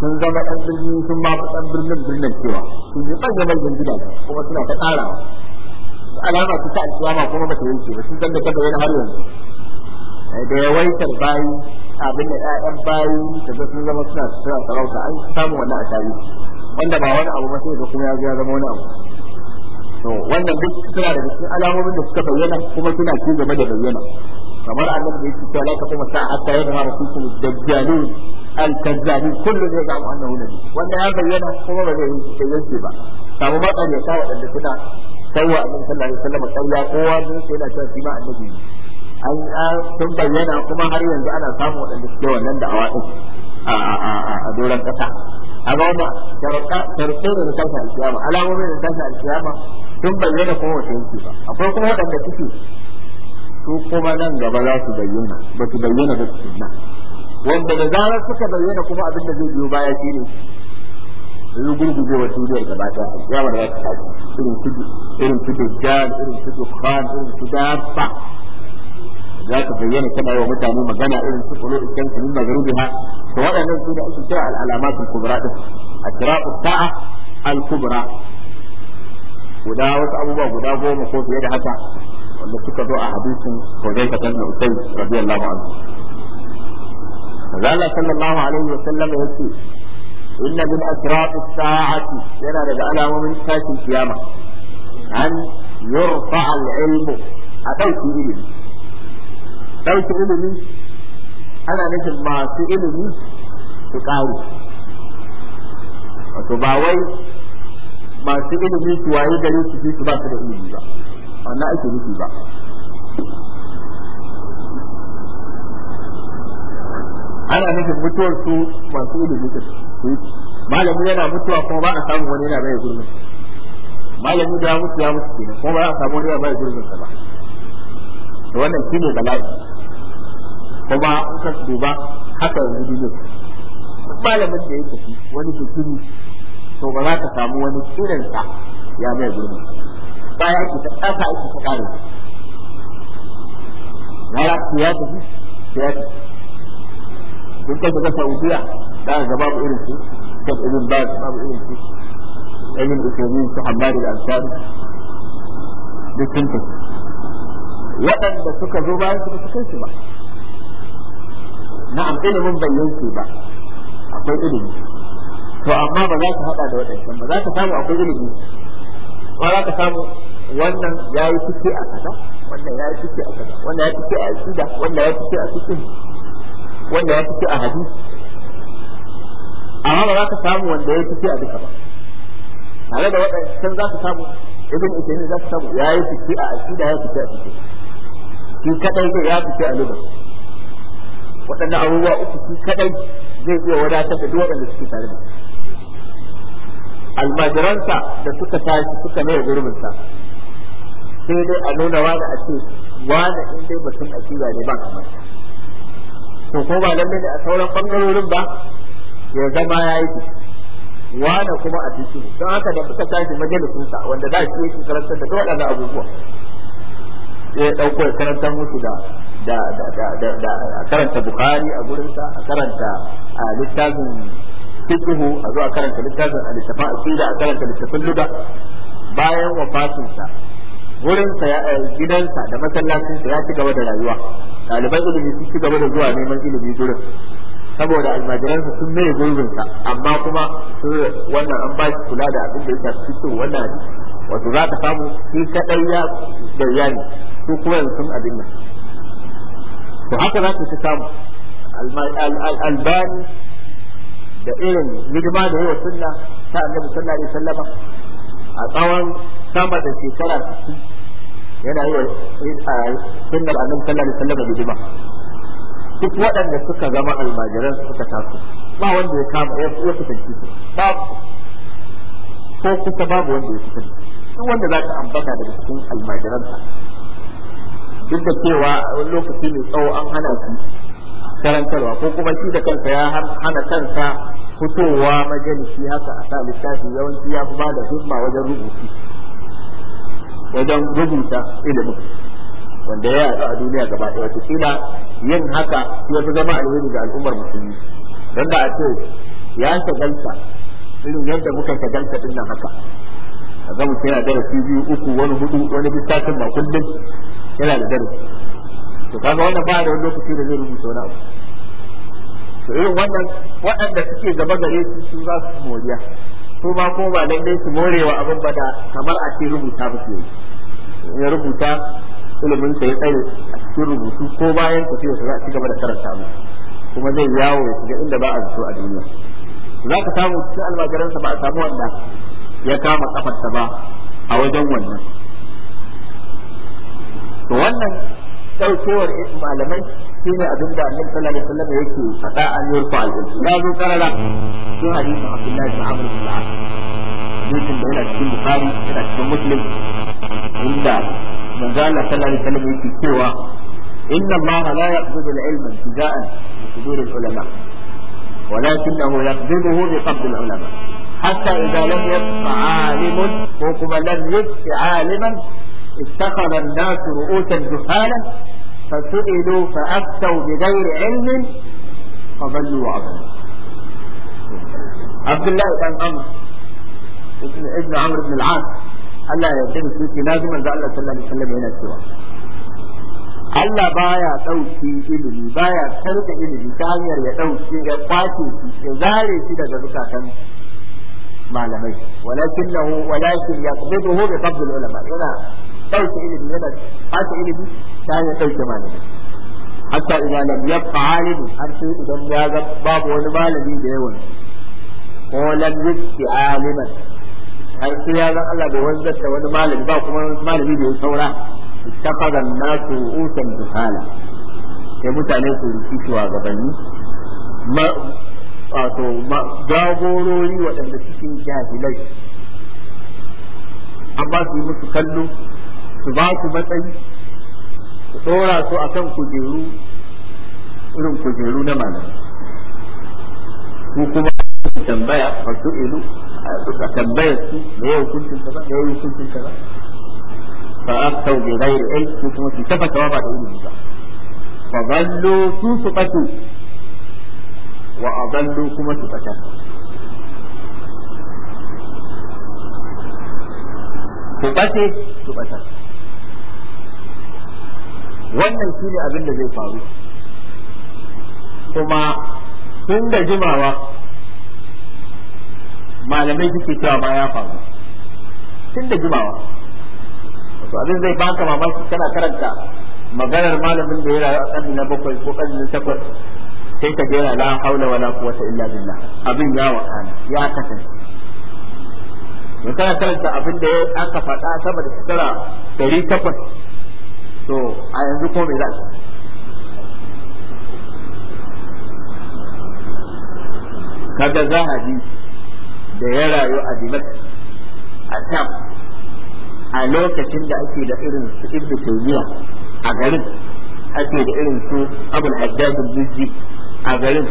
sun zama ɗan birni sun ma fi ɗan birnin birnin cewa sun yi ɓan gaban gida kuma suna ta ƙara alama su ta alƙiyama kuma ba ta yanke ba sun san da ta bayyana har yanzu da yawaitar bayi abin da ƴaƴan bayi da ga sun zama suna suna sarauta an samu wannan a wanda ba wani abu ba sai da kuma ya zama wani abu to wannan duk suna da cikin alamomin da suka bayyana kuma suna ci gaba da bayyana kamar annabi da yake cewa la kuma sa'a ta yadda hatta yadhha rasulun dajjalun al-kazzabin kullu zai ga annahu nabi wanda ya bayyana kuma ba zai yi yanke ba samu ba ya sa wadanda suna sauwa annabi sallallahu alaihi wasallam kalla kowa zai ce yana cewa shi ma annabi ne an sun bayyana kuma har yanzu ana samu wadanda suke wannan da'awa din a a doran kasa a ba sharqa sharqa da ta al-kiyama alamomin da ta al-kiyama sun bayyana kuma wasu yanki ba akwai kuma waɗanda suke su kuma nan gaba za su bayyana ba su bayyana ba su nan wanda da zarar suka bayyana kuma abin da zai biyo baya shi ne yanzu gurgurewar duniyar gaba ɗaya a kiyamar za ta tashi irin su irin su dajjal irin su dukkan irin su dabba za ta bayyana tana wa mutane magana irin su kulu ikan su min magribiha to waɗannan su da ake kira al'alamatul kubra din asra'u sa'a al-kubra guda wasu abubuwa guda goma ko fiye da haka wanda suka zo a hadisin Hudayfa bin Usayd radiyallahu anhu Allah sallallahu alaihi wa sallam yace inna min asrati sa'ati yana daga alamomin tashin kiyama an yurfa al-ilmu a dauki ilimi dauki ilimi ana nufin masu ilimi su ƙaru wato ba wai masu ilimi su waye gare su shi su ba su da ilimi ba wannan ake nufi ba ana nufin mutuwar su masu ilimi yi. malami yana mutuwa kuma ba a samu wani yana bai gurbin malami da mutu ya mutu kenan kuma ba a samu wani yana bai gurbin sa ba to wannan shine bala'i kuma in ka duba haka yanzu duniya malamin da ya tafi wani jikini to ba za ka samu wani kiransa ya mai gurbi ya ake ta ƙasa ake ta ƙare gara ku ya tafi ya tafi kun kai daga saudiya da ga babu irin su kan ba su babu irin su ainihin ukuri su hamad da ansari duk sun tafi waɗanda suka zo bayan su su kai su ba na'am ilimin mun yanke ba akwai ilimi to amma ba za ka hada da waɗancan ba za ka samu akwai ilimi ba za ka samu wannan ya yi fice a kaza wannan ya yi fice a kaza wannan ya yi fice a aqida wannan ya yi fice a cikin, wannan ya yi fice a hadisi amma ba za ka samu wanda ya yi fice a duka ba tare da waɗancan za ka samu ibn utaymin za ka samu ya yi fice a aqida ya fice a cikin shi kadai zai ya fice a lugha waɗannan abubuwa uku shi kaɗai zai iya wadatar da duk waɗanda suke tare da shi almajiransa da suka tashi suka mai sa sai dai a nuna wani a ce wani in dai a akida ne ba kamar to ko ba lalle ne a sauran bangarorin ba ya zama ya yi wani kuma a ciki don haka da suka tashi sa wanda da shi yake karantar da da abubuwa ya dauko ya karantar musu da da da da da a karanta bukhari a gurinsa a karanta a littafin fiqhu a zuwa karanta littafin al-shafa asira a karanta littafin luga bayan wafatin sa gurin sa ya eh, gidansa da masallacin sa ya ci gaba da rayuwa ɗaliban ilimi sun ci gaba da zuwa neman ilimi gurin saboda almajiransa sun mai gurbinsa amma kuma sun wannan an ba shi kula da abin da ya shafi fito wannan wato za ka samu shi kaɗai ya gayya ne su kuma sun abin nan to haka za ku ci samu albani da irin hidima da yawa sunna ta annabi sallallahu alaihi wasallam a tsawon sama da shekara su yana yi wa sunnar annabi sallallahu alaihi wasallam hidima duk waɗanda suka zama almajiran suka taso ba wanda ya kama ya kusanci su ba ko kusa babu wanda ya kusanci duk wanda za ka ambata daga cikin ta duk da cewa lokaci mai tsawo an hana su karantarwa ko kuma shi da kansa ya hana kansa fitowa majalisi haka a sa tashi yawanci ya fi ba da himma wajen rubutu wajen rubuta ilimin wanda ya yi a duniya gaba ɗaya wato kila yin haka ya fi zama alheri ga al'ummar musulmi don da a ce ya shagalta irin yadda muka shagalta din nan haka a ga mutum yana darasi biyu uku wani hudu wani littafin ba kullum yana da darasi to kaga wannan ba da wani lokaci da zai rubuta wani abu su yi wannan waɗanda suke gaba gare su su za su moriya su ma ko ba lallai su morewa abin ba da kamar a ce rubuta ba ke ya rubuta ilimin sa ya tsaye a cikin rubutu ko bayan tafiyar su za a ci gaba da karanta mu kuma zai yawo ya shiga inda ba a a duniya za ka samu cikin sa ba a samu wanda ya kama kafarsa ba a wajen wannan to wannan daukewar malamai shine abin da Annabi sallallahu alaihi wasallam yake faɗa an yi ku al'umma la zo karara shi hadisin Abdullah bin Amr bin al-As hadisin da yana cikin Bukhari yana cikin Muslim inda manzo Allah sallallahu alaihi wasallam yake cewa inna Allah la yaqbidu al-ilma ibtida'an bi sudur al-ulama ولكنه يقبضه بقبض العلماء حتى إذا لم يبق عالم وكما لم يبق عالما اتخذ الناس رؤوسا جهالا فسئلوا فافتوا بغير علم فضلوا وعبدوا عبد الله بن عمرو ابن ابن عمرو بن العاص قال لا يدين في لازم ان الله سلم الله عليه وسلم هنا سوى الله بايا توشي ilimi baya tarka ilimi ta hanyar ya dauke ya kwace shi ya zare shi daga zukatan malamai walakinahu walakin yaqbiduhu bi qabdi ɗauke ilimi yana ɓata ilimi ta hanyar ɗauke malami hatta idan lam yabqa alimu har sai idan ya ga babu wani malami da yawan ko lam yabqi aliman har sai ya ga Allah bai wanzar da wani malami ba kuma malami da ya saura ittafaza nasu usan duhala sai mutane su rufi shugabanni wato jagorori waɗanda suke jahilai amma su yi musu kallo su ba su matsayi su ɗora su akan kujeru irin kujeru na malamai ku kuma tambaya su ilu a tambayar su da yau cinta ba, da yau ba, ba fa aftau bi ghairi ilm ko kuma su tabbata ba da ilimi ba fa zallu su su batu wa adallu kuma su bata ku bace su bata wannan shi ne abin da zai faru kuma tun da jimawa malamai suke cewa ma ya faru tun da jimawa Wasu abin zai baka mamaki kana karanta maganar malamin da ya rayu a ƙarni na bakwai ko ƙarni na takwas sai ka jera la haula wala quwwata illa billah abin ya wakana ya kasance in kana karanta abin da aka faɗa sama da shekara ɗari takwas to a yanzu ko me za a kaga zahabi da ya rayu a dimak a tam a lokacin da ake da irin su ibnu taymiya a garin ake da irin su abul haddad al a garin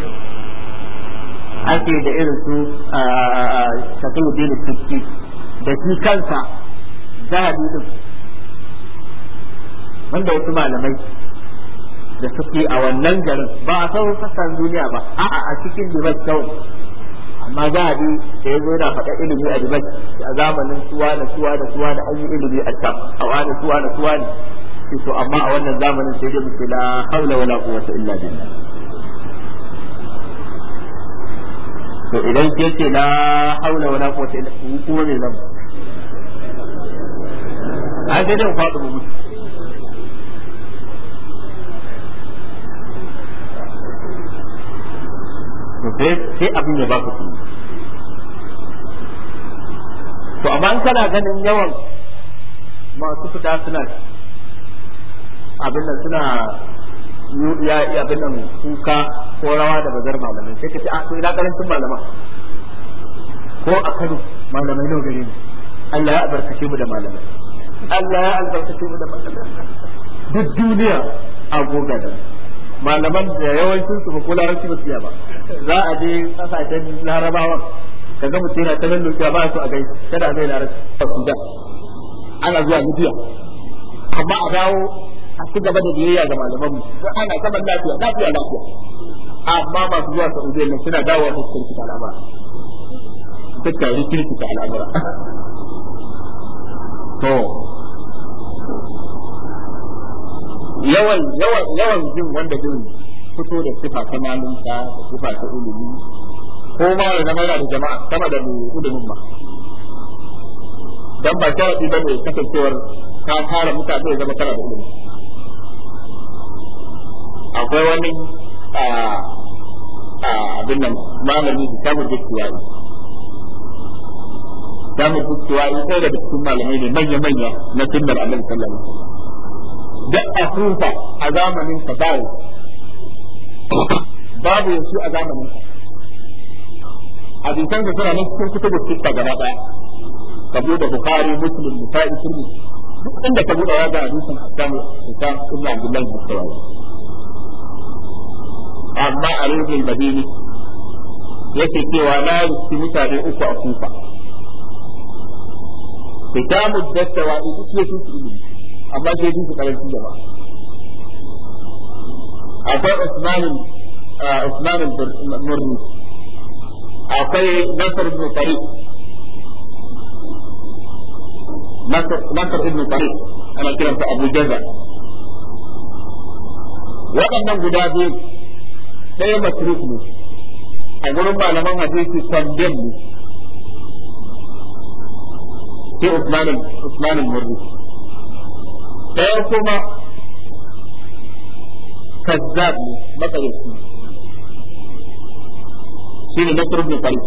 ake da irin su Safiyuddin Sitti da shi kansa zahabi din wanda wasu malamai da suke a wannan garin ba a sauran sassan duniya ba a'a a cikin Dubai kyau amma za a bi da ya zo yana faɗa ilimi a Dubai a zamanin suwa da suwa da suwa da an yi ilimi a can a wani suwa da suwa ne to amma a wannan zamanin sai dai muke la haula wala quwwata illa billah to idan ke ce la haula wala quwwata illa kuma me zan ai sai dai mu faɗi mu mutu to sai abin ya baka kuɗi to amma in kana ganin yawan masu fita suna abin nan suna ya abin nan kuka ko rawa da bazar malamai sai ka ce a ah, to ina karancin malama ko a Kano malamai nawa gare ne Allah ya albarkace mu da malamai Allah ya albarkace mu da malamai duk duniya a goga da mu malaman da yawancin su ba ko larabci ba su ba za a je kasashen larabawan kaga mutum yana ta lalluciya ba su a gai kada a zai larabci su da ana zuwa libya amma a dawo a ci gaba da biyayya ga malaman mu ana saman lafiya lafiya lafiya amma masu zuwa saudiya nan suna dawowa su cikin kita al'amura suka kirki kirkita al'amura to yawan yawan yawan jin wanda zai fito da sifa ta malinta da sifa ta ilimi ko ma ya zama yana da jama'a sama da mai ilimin ba dan ba sharadi ba ne kasancewar ka fara mutane ya zama kana da ilimi akwai wani a abin nan malami da samun ne samun dukiyayi ɗaya da cikin malamai ne manya-manya na sunnar annabi sallallahu alaihi duk a kufa babu babu yanzu a zamanin sa hadisan sa suna nan cikin kutubu sitta gaba daya saboda bukhari muslim nisa'i turmi duk inda ka buɗe wajen hadisin hasan hasan ibn abdullahi bin sawayi amma a rubin madini yake cewa na riski mutane uku a kufa fitamu dattawa in kuke su ilimi amma sai su karanci ba akwai Usman Usman Murni akwai Nasr ibn Tariq Nasr ibn Tariq ana sa Abu Jaza waɗannan guda biyu ɗaya matruk ne a gurin malaman hadisi sabbin ne sai Usman Usman Murni ɗaya kuma kazzab ne matsayinsu shi ne nasar ibn farid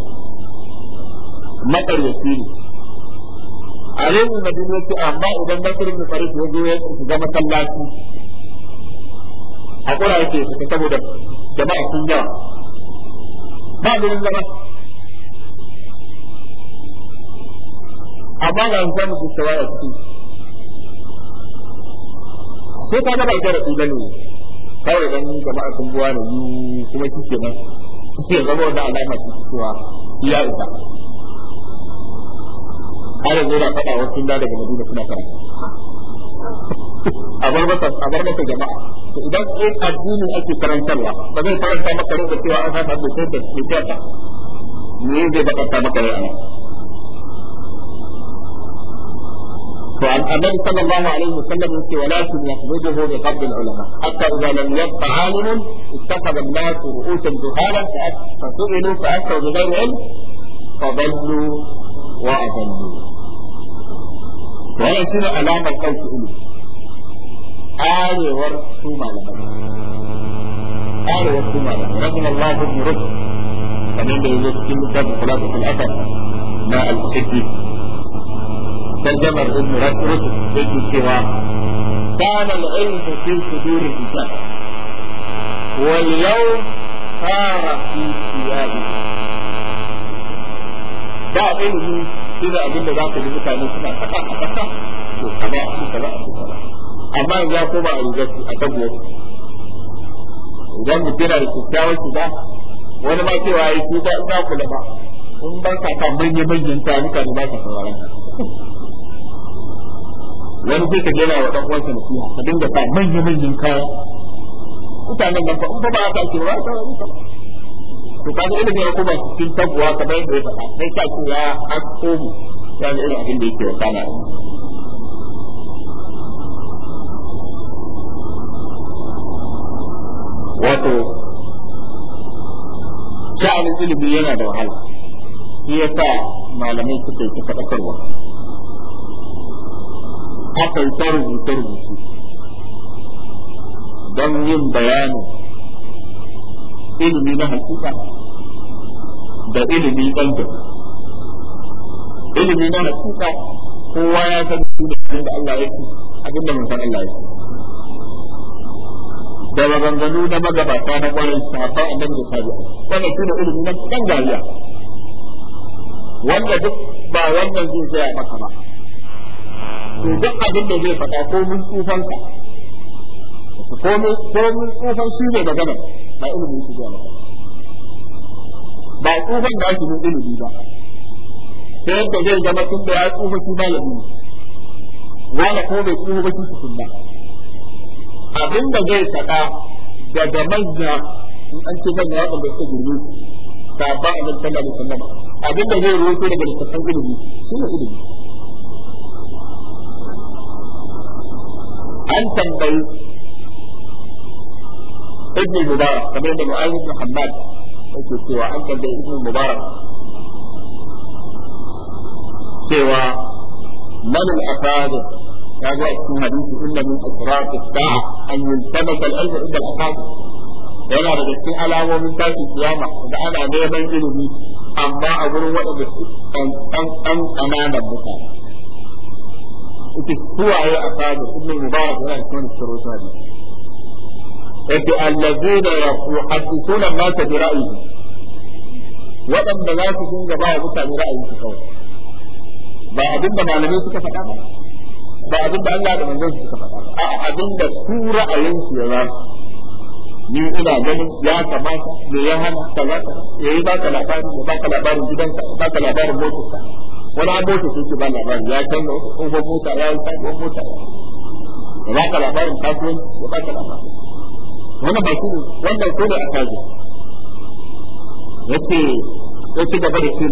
matsayinsu ne a na duniya ce amma idan nasar ibn farid ya zo ya shiga masallaci a ƙura yake ta saboda jama'a sun yawa ba gurin zama amma ga yanzu mu kusa waya cikin sai ka ga ba sharaɗi ba ne kawai dan jama'a sun buwa ne kuma shi ke nan ke zama wanda alama su cewa ya isa har yanzu na faɗa wasu da daga madina suna fara a bar masa a bar jama'a to idan ko addini ake karantarwa ba zai karanta maka ne da cewa an haka da sai da shi ta ne zai baka maka ne a nan وعن النبي صلى الله عليه وسلم يقول ولكن يحمده بفضل العلماء حتى اذا لم يبق عالم اتخذ الناس رؤوسا جهالا فسئلوا فاتوا بغير علم فضلوا واضلوا وهي شنو علامه الخوف الي آية ورسوم على آية ورسوم على رحم الله ابن رشد فمن يقول كلمة في الأثر ما الحديث tarjamar ibn rushd yake cewa kana al-ilmu fi sudur al-kitab wal yawm sara fi siyabi da abinda za ka ji mutane suna a ƙasa to a ci kaza a amma ya koma a a idan mutum yana da kyakkyawar shiga wani ma cewa ya shi ina kula ba in ban ka kan manya manyan ta mutane ba ka sauraron wani sai ka gina wa dan uwansa nasiha ka dinga sa manya manyan kaya mutanen nan fa in ba ka ake ba ka yi to ka ga ilimin ko ba cikin tabuwa ka bai da faɗa sai ka ce ya asko mu ya ga irin abin da yake wakana wato sha'anin ilimi yana da wahala shi yasa malamai suka yi ta faɗakarwa akan sa rubuce-rubuce don yin bayanin ilimi na hakika da ilimi ɗan ilimi na hakika kowa ya san abin da Allah ya ce abin da manzon Allah ya ce da maganganu na magabata na kwarin a nan da sabi'a wanda su da ilimi na ɗan gariya wanda duk ba wannan zai zaya maka ba to duk abin da zai faɗa ko mun tsufan ka ko mun ko mun tsufan shi ne daga nan, ba ilimi shi zuwa ba tsufan da shi ne ilimi ba sai da zai zama tun da ya tsufa shi ba yabi wala ko bai tsufa ba shi su ba abin da zai faɗa daga manya in an ce manya ya ɗanda suka girme su sabba a nan da sallama abin da zai ruwaito daga littattafan ilimi shi ne ilimi an tambayi ibn mubarak kamar da mu'ayyid ibn hammad yake cewa an tambayi ibn mubarak cewa man al-afadu ya zo a cikin hadisi inna min asrar as-sa'a an yuntabata al-ilm inda al-afadu yana da cikin alamomin tashin kiyama da ana neman ilimi amma a gurin waɗanda su ɗan ƙananan mutane yake suwaye a sabir ibn mubarak yana cikin wani cikin da shi. yake allazina yuhaddithuna an-nas bi ra'ayi waɗanda za su dinga ba wa mutane su kawai ba abinda malamai suka faɗa ba ba abinda Allah da manzon suka faɗa ba a'a abinda su su ya za ni ina ganin ya kamata me ya hana kaza kaza yayi ba labarin ba ka labarin gidanka ba labarin motarka wani an mota sai ba ya canza wasu tsohon mota ya yi sabuwar mota ya ba ka labarin kasuwan ya ba ka labarin wannan ba shi wannan ko a kaji yace ci gaba da ce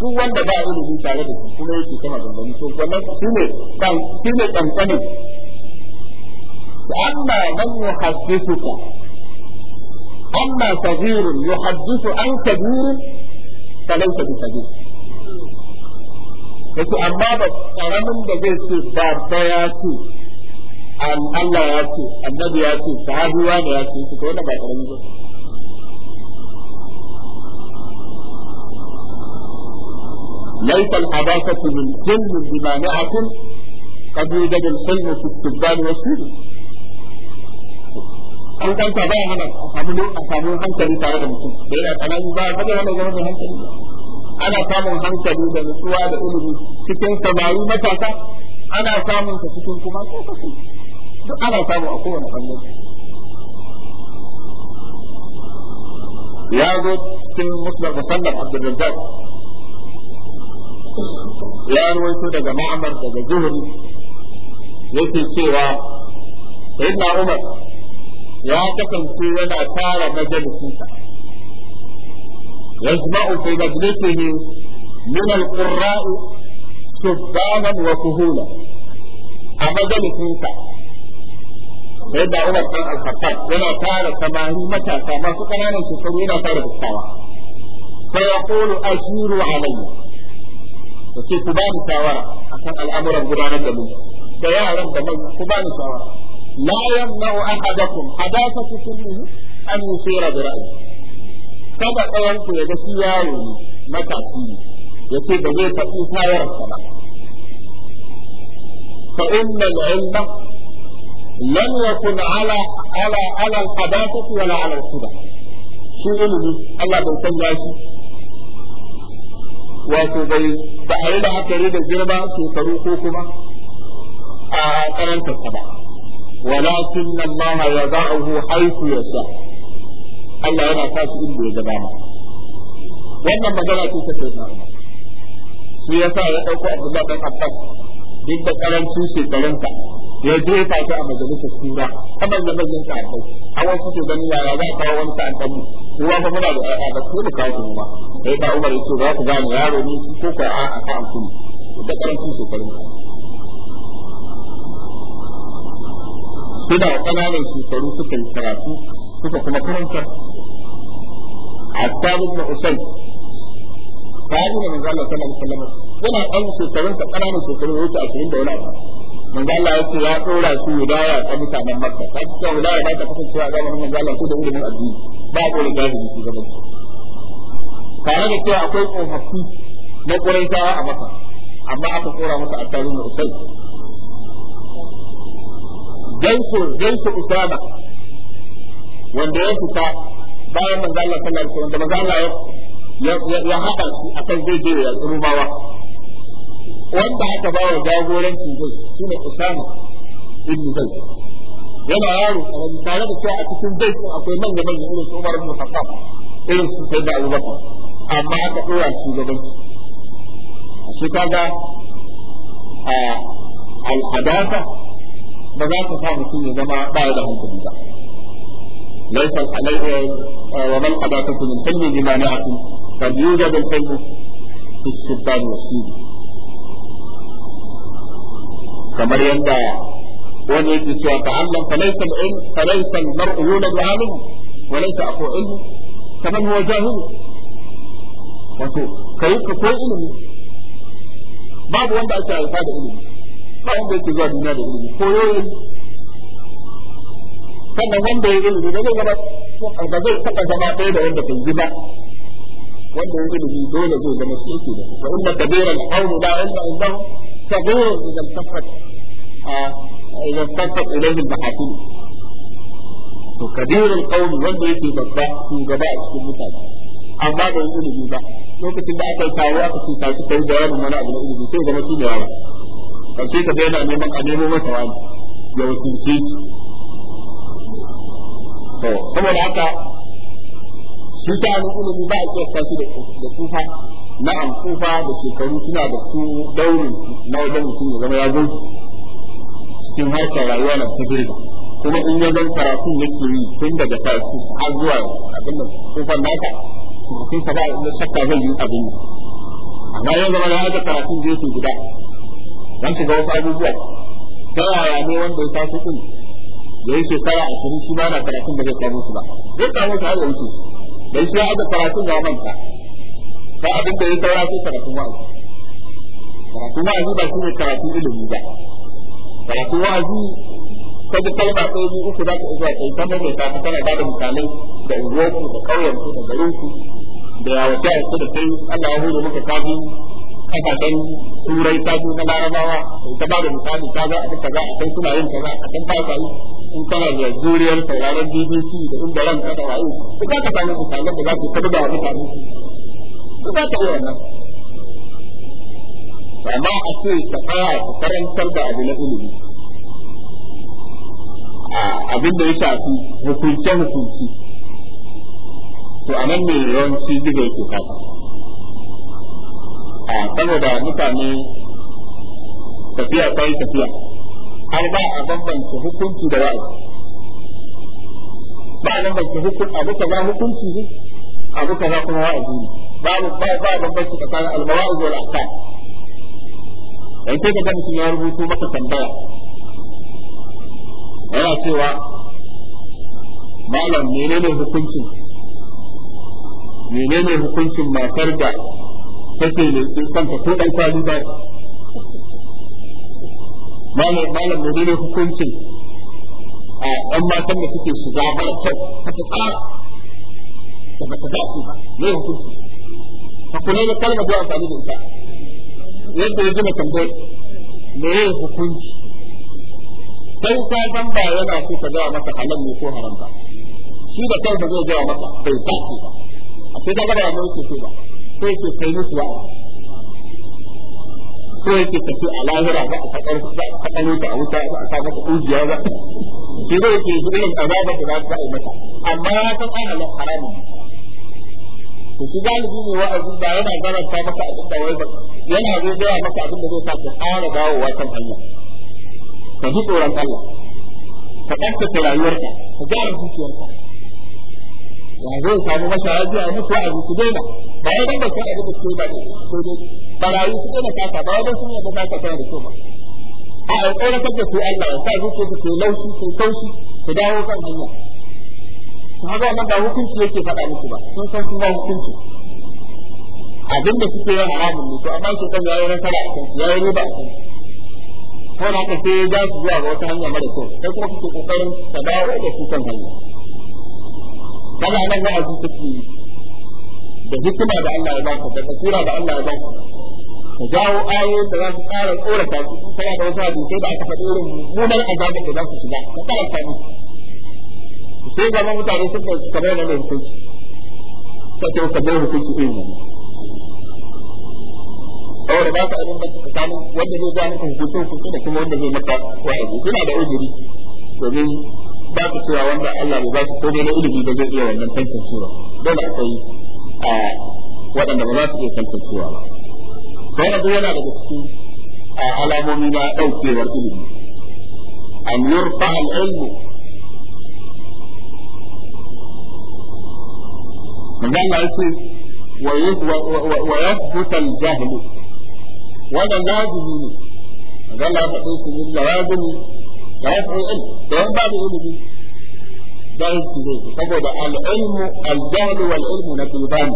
duk wanda ba ilimi tare da shi kuma yake ta maganganu to wannan shi ne kan shi ne kankanin amma man yuhaddithuka amma saghirun yuhaddithu an kabirin falaysa bi saghir yake amma ba karamin da zai ce babba ya ce Allah ya ce annabi ya ce sahabi ya ne ya ce ko wannan ba karami ba ليس الحداثة من حلم بمانعة قد يوجد الحلم في السبان والسجن أن كنت باع هنا أحمل أحمل هنكلي تعالى بسم بينا إيه، أنا باع هذا هنا جمعنا هنكلي أنا كامو هنكلي ده مسوا ده أولي سكين سماري ما تاسا أنا كامو سكين سماري أنا كامو أقوى نحن يا جود سكين مسلم مسلم عبد الرزاق ya rawaito daga ma'amar daga zuhuri yake cewa sai na umar ya kasance yana tara majalisinsa yajma'u fi majlisihi min al-qurra'i shubbanan wa kuhula a majalisinsa sai da umar ɗan al yana tara samari matasa masu ƙananan shekaru yana tara dattawa sai ya kulu ashiru alayya da ce ku bani shawara akan al'amuran gudanar da mu. da yaran da mai ku ba bani shawara la yamna'u ahadakum hadasatu kullihi an yusira bi ra'yi kada ɗayan ku ya ga shi yaro ne matashi ne ya ce ba zai faɗi shawararsa ba fa inna al-ilma لم يكن على على على الحداثة ولا على الخدع. شو علمي؟ الله بيسمى shi? wato bai ba a yi da hakari da girma shekaru ko kuma a karanta ba walakin Allah ya za'ahu haifu ya sha Allah yana sa shi inda ya gaba ma wannan magana ce ta sai na shi yasa ya ɗauko dauko da bin Abbas duk da karancin shekarunsa ya jefa ta a majalisar sura kamar da majalisar a wasu su gani yaya za a kawo wani sa'an kuma fa muna da ƴaƴa ba sai mu kawo ba sai da Umar yace za ku gane yaro ne shi ko ka a ka an da karanci su ka suna ƙananan shekaru suka yi karatu suka kuma karanta hatta ibn Usayd sahabi ne manzo Allah sallallahu alaihi wasallam yana ɗan shekarun ka ƙananan shekaru yake 20 da wani abu manzo Allah ya dora su hidaya ta mutanen Makka ta ce hidaya ta kasance a zamanin manzo Allah ko da ilimin addini babu a kore su shi gaban tare da cewa akwai tsofaffi na ƙuraitawa a masa amma aka kora masa tarin na usai Gaisu gaisu usama wanda ya fita bayan manzo Allah sallallahu alaihi wasallam da manzo Allah ya haɗa shi akan zai je ya rubawa, wanda aka ba wa jagorancin zai shine usama ibn zaid yana yaro a wani tare da cewa a cikin zai su akwai manya manya irin su umar bin khattab irin su sai da abubakar amma aka dora shi gaban shi shi kaga a al-hadatha ba za ta sa mutum ya zama ba da hankali ba a laifin laysa alayhi eh, wa man hadathatu min sayyi jinaniatu kad yujad al su fi sultan wa sidi kamar yanda wani yake cewa ta'allam falaysa al-ilm falaysa al-mar'u yulad 'alim wa laysa aqu ilm kaman huwa jahil wato kai ka koyi ilimi babu wanda ake haifa da ilimi ba wanda yake zuwa duniya da ilimi ko yoyin sannan wanda ya ilimi ba zai gaba ba zai taɓa zama ɗaya da wanda bai yi ba wanda ya ilimi dole zai zama shi yake da wa inna kabira al-qawlu la ilma indahu kabirun idan tafat يستنفق إليه المحاسن كبير القوم وانده في بابا في بابا في المثال أما ده يقول لي lokacin da aka yi tawo aka ce ta kai bayanin wani abu na ilimi sai zama shi ne yawa karshe ka bayyana neman a nemo masa wani ya wakilce shi to saboda haka shi ta hannun ba a kiyasta shi da kufa na amfufa da shekaru suna da su daurin na wajen mutum ya zama ya gunsu cikin harkar rayuwa na cikin kuma in ya zan karatu yake yi tun daga tashi har zuwa abin da kofar naka mutum ka ba da shakka zai yi abin nan amma ya zama ya ga karatu zai su gida dan shiga wasu abubuwa ta yaya ne wanda ya tafi tashi da ya yi shekara ashirin shi ba na karatun da zai samu su ba zai samu su har da wuce dan shi ya ga karatun ya manta ba abin da ya saura sai karatun wa'azi karatun wa'azi ba shi ne karatun ilimi ba karatu wazi ka ji kalma ɗaya biyu uku za ka zuwa kai kamar mai tafi tana ba da misalai da unguwarku da ƙauyenku da garinku da yawace a da kai Allah ya hura maka kaji kafafen turai kaji na larabawa ta ba da misali ta za a ta kaza a kan suna yin kaza a kan yi in kana da juriyar sauraron BBC da inda ran ta da wayo ka ka samu misalan da za ka tabbata mutane ka ka yi wannan amma a ce ka tsaya ka karantar da abu na ilimi abin da ya shafi hukunce hukunci to a nan ne yawanci gizo yake kaka, a saboda mutane tafiya ta yi tafiya har ba a bambance hukunci da wa'azi ba a bambance hukunci abu kaza hukunci ne abu ka kaza kuma wa'azi ne ba ba bambanci tsakanin al-mawa'iz wal ahkam dan sai kaga mutum ya rubuto maka tambaya yana cewa malam menene hukuncin menene hukuncin matar da take ne kanta ko dan kwali ba malam malam menene hukuncin a ɗan matan da suke shiga mara kyau ta fi tsara da ba ta dace ba ne hukunci ka kula da kalmar da amfani da ita yadda ya gina tambayar me yin hukunci sai ka san ba yana so ka gaya masa halal ne ko haram ba shi da ba zai gaya masa bai tashi ba a sai daga ba mai so ba sai ke kai musu ba ko yake tafi a lahira za a kadar ba a kadar ta a wuta ba a sa masa ujiya ba shi ke zuwa irin azaba da za a yi masa amma ya san ana haramun to shi galibi ne wa'azi ba yana garanta maka abin da wai ba yana zai gaya maka abin da zai sa ka ƙara dawowa kan hanya ka ji tsoron Allah ka tsaftace rayuwarka ka gyara zuciyarka ya zai samu masa rajiya a mutu a zuci daina ba ya danda sai abin da ke ba ne ko dai barayi su daina kasa ba wajen sun yadda kasa tana da kyau ba a alƙawarkar da su Allah ya sa zuciyarka ke laushi ke taushi ku dawo kan hanya to haka nan ba hukunci yake faɗa musu ba sun san sun ba hukunci abin da suke yin haramun ne to amma shi kan yayi nasara a kansu yayi riba a kansu ko na ka sai za su zuwa ga wata hanya mara kyau sai kuma kake kokarin ka dawo da su kan hanya kana nan wa'azi kake da hikima da Allah ya baka da basira da Allah ya baka ka jawo ayoyin da za su ƙara tsorata su kuma da wasu hadisai da aka faɗi irin mummunan azabar da za su shiga ka karanta musu sai zama mutane sun ɗauki kamar yana mai hukunci ta ce ka bai hukunci irin nan saboda ba ka abin da ka samu wanda zai gane ka hukunci hukunci da kuma wanda zai maka wa'azi suna da ujiri domin ba ku cewa wanda Allah bai ba su komai na ilimi da zai iya wannan tantancewa dole akwai a waɗanda ba za su iya tantancewa ba wannan duk yana daga cikin alamomi na ɗaukewar ilimi an yurfa al-ilmu manzo Allah ya ce wa yasbuta al-jahl wannan lazimi ne manzo Allah ya faɗi su min lazimi da ya faɗi ilmi da yan babu ilimi da ya ce saboda al-ilmu al-jahl wal ilmu na bidan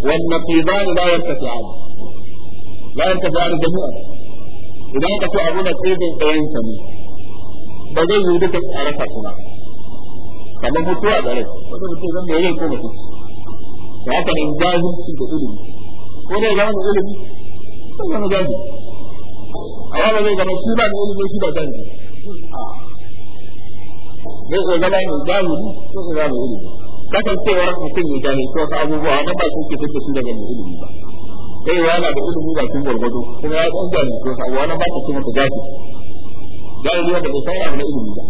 والنقيضان لا يرتفعان لا يرتفعان جميعا idan ka ce abu na tsibin tsayin sa ne ba zai yi duka a rasa kuma kamar mutuwa a garin wanda mutum zan mai rai ko mutum da haka ne jahilci da ilimi ko dai zama da ilimi ko zama jahil a wanda zai zama shi ba da ilimi shi ba jahil zai iya zama mai jahili ko zai zama ilimi kasancewar mutum mai jahil ko wasu abubuwa wannan ba su ke fita su daga mai ilimi ba sai yana da ilimi ba sun gwargwado kuma ya ɗan jahil ko sa, wa wannan ba su ce mata jahil jahili wanda bai san abu na ilimi ba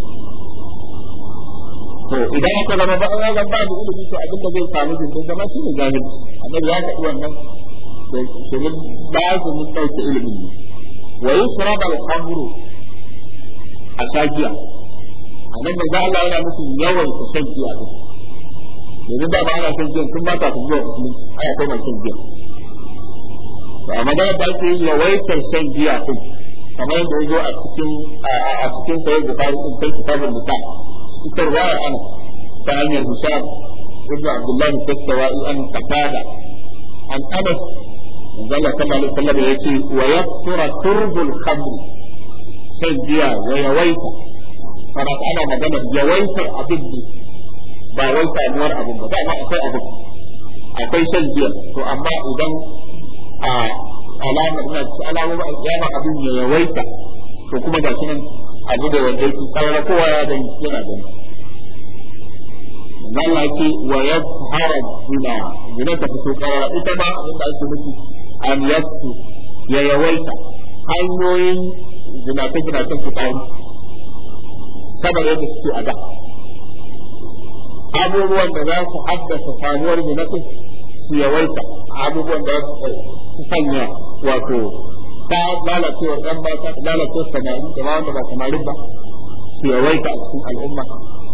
to idan aka zama ba an ga babu ilimi to abin da zai samu gindin zama shi ne jahilci annabi ya faɗi wannan to ba su mun ɗauke ilimin ne wa yusrab al a asajiya annabi manzo Allah yana musu yawan ta san giya din yanzu da ba ana san giya tun ba ta zuwa musulunci ana kai san giya to amma da ba ku yawaitar san giya din kamar yadda ya zo a cikin a cikin sahih bukhari din kai kitabul ita riwayar Anas ta hanyar Hisham ibn Abdullah Tastawa'i an qatada an Anas Allah sallallahu alaihi wasallam yace wa yakthura turbul khamr sai giya wa yawaita kana ana magana yawaitar abin ne ba wai samuwar abin ba dama akwai abin akwai shan jiya to amma idan a alamar na alamomin alƙiyama abin ya yawaita to kuma ga shi nan abu da wanda yake tsara kowa ya gani yana gani Allah ce wa yadhara zina zina ta fito tsara ita ba abin da ake nufi an yasu ya yawaita hanyoyin zinace ta fito tsara saboda yadda suke a da abubuwan da za su haddasa samuwar zinace su yawaita abubuwan da su sanya wato ta lalacewar ɗan mata ta lalacewar samari da ma wanda ba samarin ba su yawaita a cikin al'umma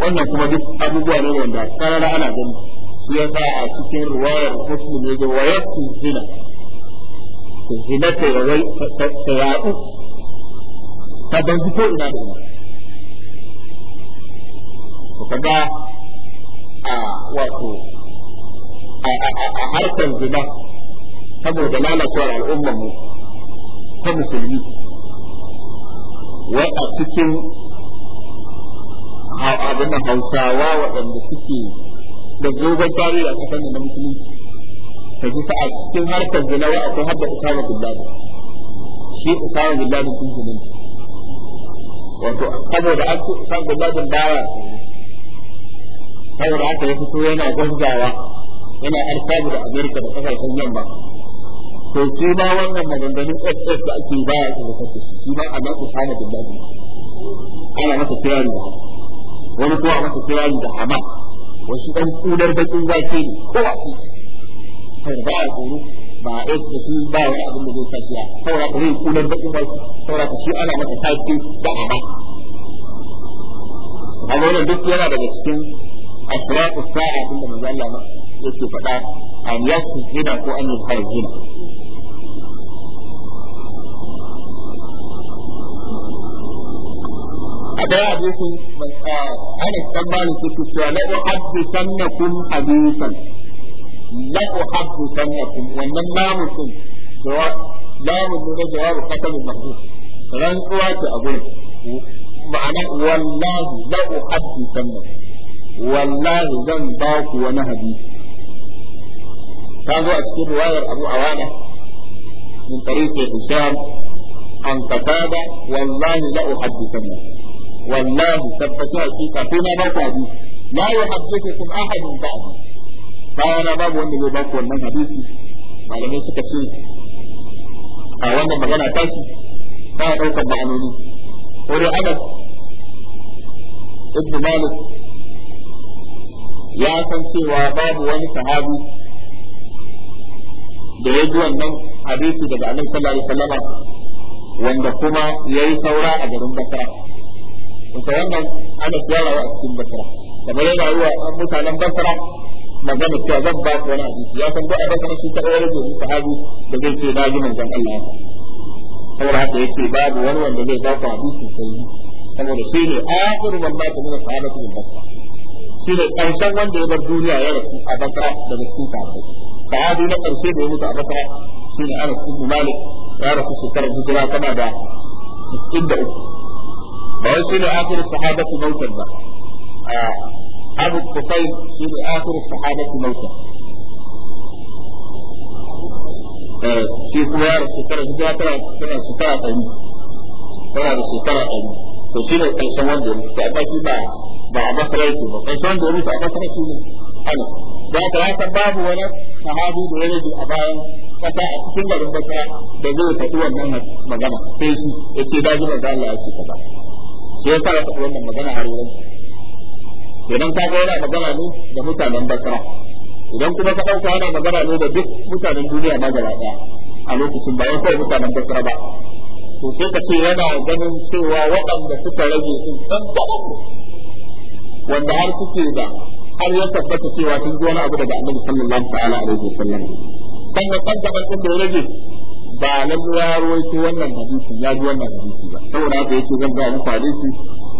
wannan kuma duk abubuwa ne wanda sarara ana gani shi ya sa a cikin ruwayar muslim ya ce wayar su zina zina ta yawai ta yaɗu ta banzu ko ina da ina ka ga a wato a harkar zina saboda lalacewar al'ummar mu ta musulmi wai a cikin abin da hausawa waɗanda suke da dogon tarihi a ƙasar da na musulmi ta ji a cikin harkar zinawa wa akwai hadda usama bin shi usama bin laden sun zinin wato saboda an ce usama bin laden baya saboda haka ya fito yana gwazawa, yana alfabu da amerika da ƙasashen yamma to su ma wannan maganganun SS da ake ba a kuma kace shi shi ma a za shana da babu ana masa kirari da wani ko masa kirari da hama wasu ɗan tsular bakin zafi ne ko a ci kan ba a tsoro ba a yi da su ba wani abin da zai tafiya saura ku zai tsular bakin zafi saura ka shi ana masa tafi da hama a wannan duk yana daga cikin asratu sa'a din da manzo Allah yake faɗa an zina ko an yi yasjina daya hadisin Anas dan Malik yake cewa la kun hadisan la uhaddithannakum wannan lamun din jawab lamun ne na jawabu katabul mahdud ran tsuwa ce a gurin ma'ana wallahi la uhaddithannakum wallahi zan ba ku wani hadisi ta zo a cikin riwayar Abu a Awana min tariqi Hisham an qatada wallahi la uhaddithannakum wallahi tabbata hakika ko na ba ku hadisi la yuhaddithukum ahadun ba'di bayana babu wanda zai ba ku wannan hadisi malamai suka ce a wannan magana ta shi ba daukar ma'anoni ko dai adab ya san cewa babu wani sahabi da ya ji wannan hadisi daga annabi sallallahu alaihi wasallam wanda kuma yayi saura a garin basra da wannan ana tsara a cikin basara kamar yana yi wa mutanen basara magana cewa zan ba su wani abinci ya san duk a basara shi ta ɗaya rage hagu da zai ce na ji manzon Allah saboda haka ya ce babu wani wanda zai ba ku hadisi sai saboda shi ne akhiru man mata min sahabati min basara shi ne karshen wanda ya bar duniya ya rasu a basara daga cikin sahabbai sahabi na ƙarshe da ya mutu a basara shi ne Anas ibn Malik ya rasu shekarar hijira tana da 63 ba wai shine akhiru sahabatu mautan ba abu kufail shine akhiru sahabatu mautan eh, shi kuma ya rasu tara hijira tana tana shekara ɗari tana da shekara ɗari to shi ne ƙarshen wanda ya mutu amma shi ba ba a masarai ba ƙarshen wanda ya mutu a masarai ne ana da haka ya san babu wani sahabi da ya rage a bayan kasa a cikin garin basa da zai tafi wannan magana sai shi ya ce da ji manzo Allah ya ce kaza ko ya faɗi wannan magana a ruwan idan ka ga yana magana ne da mutanen basra idan kuma ka ɗauka yana magana ne da duk mutanen duniya ma gaba ɗaya a lokacin ba ya mutanen basra ba to sai ka ce yana ganin cewa waɗanda suka rage sun san kaɗan wanda har suke da har ya tabbata cewa sun ji wani abu daga annabi sallallahu ta'ala alaihi wasallam sannan kan da ya rage ba lalle ya rawaito wannan hadisi ya ji wannan hadisi ba saboda haka yake zan ga muku hadisi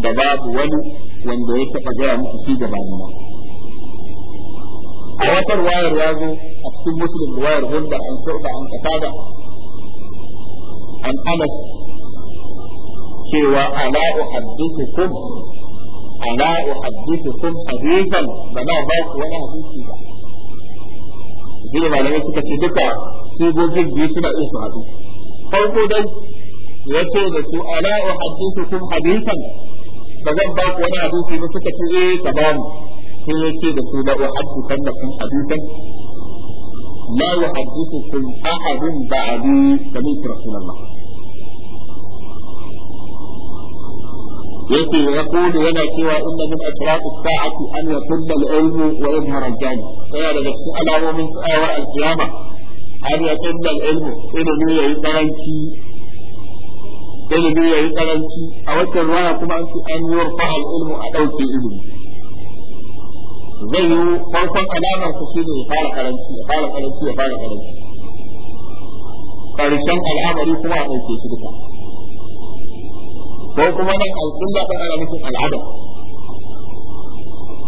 da babu wani wanda ya taɓa gaya muku shi da bani ba a wata wayar ya zo a cikin muslim wayar hunda an shurba an kasada an anas cewa ala uhaddithukum ala uhaddithukum hadithan ba na ba ku wani hadisi ba shi ne malamai suka ce duka su sigogin biyu suna iya su haɗu farko dai ya ce da su ala wa hadisu kun hadisan ba zan ba ku wani hadisi ba suka ce eh ka ba mu sai ya ce da su la wa hadisan da kun hadisan la wa hadisu kun ahadun ba'adi sami rasulullah yake ya kudu yana cewa inda min asratu sa'ati an yakulla al-ilmu wa yadhhara al-jahil yana daga cikin alamomin tsayawar eh, al-qiyama an yakulla al-ilmu ilimi yayi karanci karanci a wata ruwaya kuma an ce an yurfa al-ilmu a dauke ilimi zai yi farkon alamar su shine ya fara karanci ya fara karanci karshen al'amari kuma a shi duka ko kuma nan alƙulla ɗin ana nufin al'adar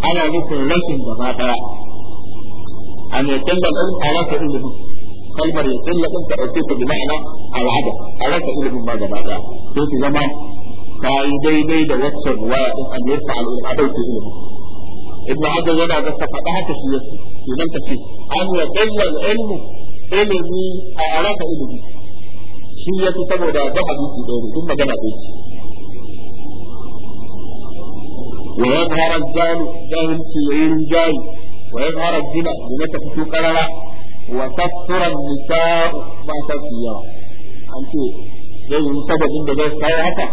ana nufin rashin gaba daya a an yaƙilla ɗin a rasa ilimin kalmar ya yaƙilla ɗan ta ɗauke ta bi ma'ana al'adam a rasa ilimin ba gaba daya sai su zama ta yi daidai da wacce waya ɗin an yasa al'ilm a ɗauke ilimin ibn hajar yana ga ta faɗa haka shi yake idan ta ce an yaƙilla ilmu ilimi a rasa ilimi shi yake saboda ba hadisi ɗaya ne duk magana ويظهر الجهل جاهل سيئين جاهل ويظهر الزنا بما تفتو وتكثر النساء ما أنت da zai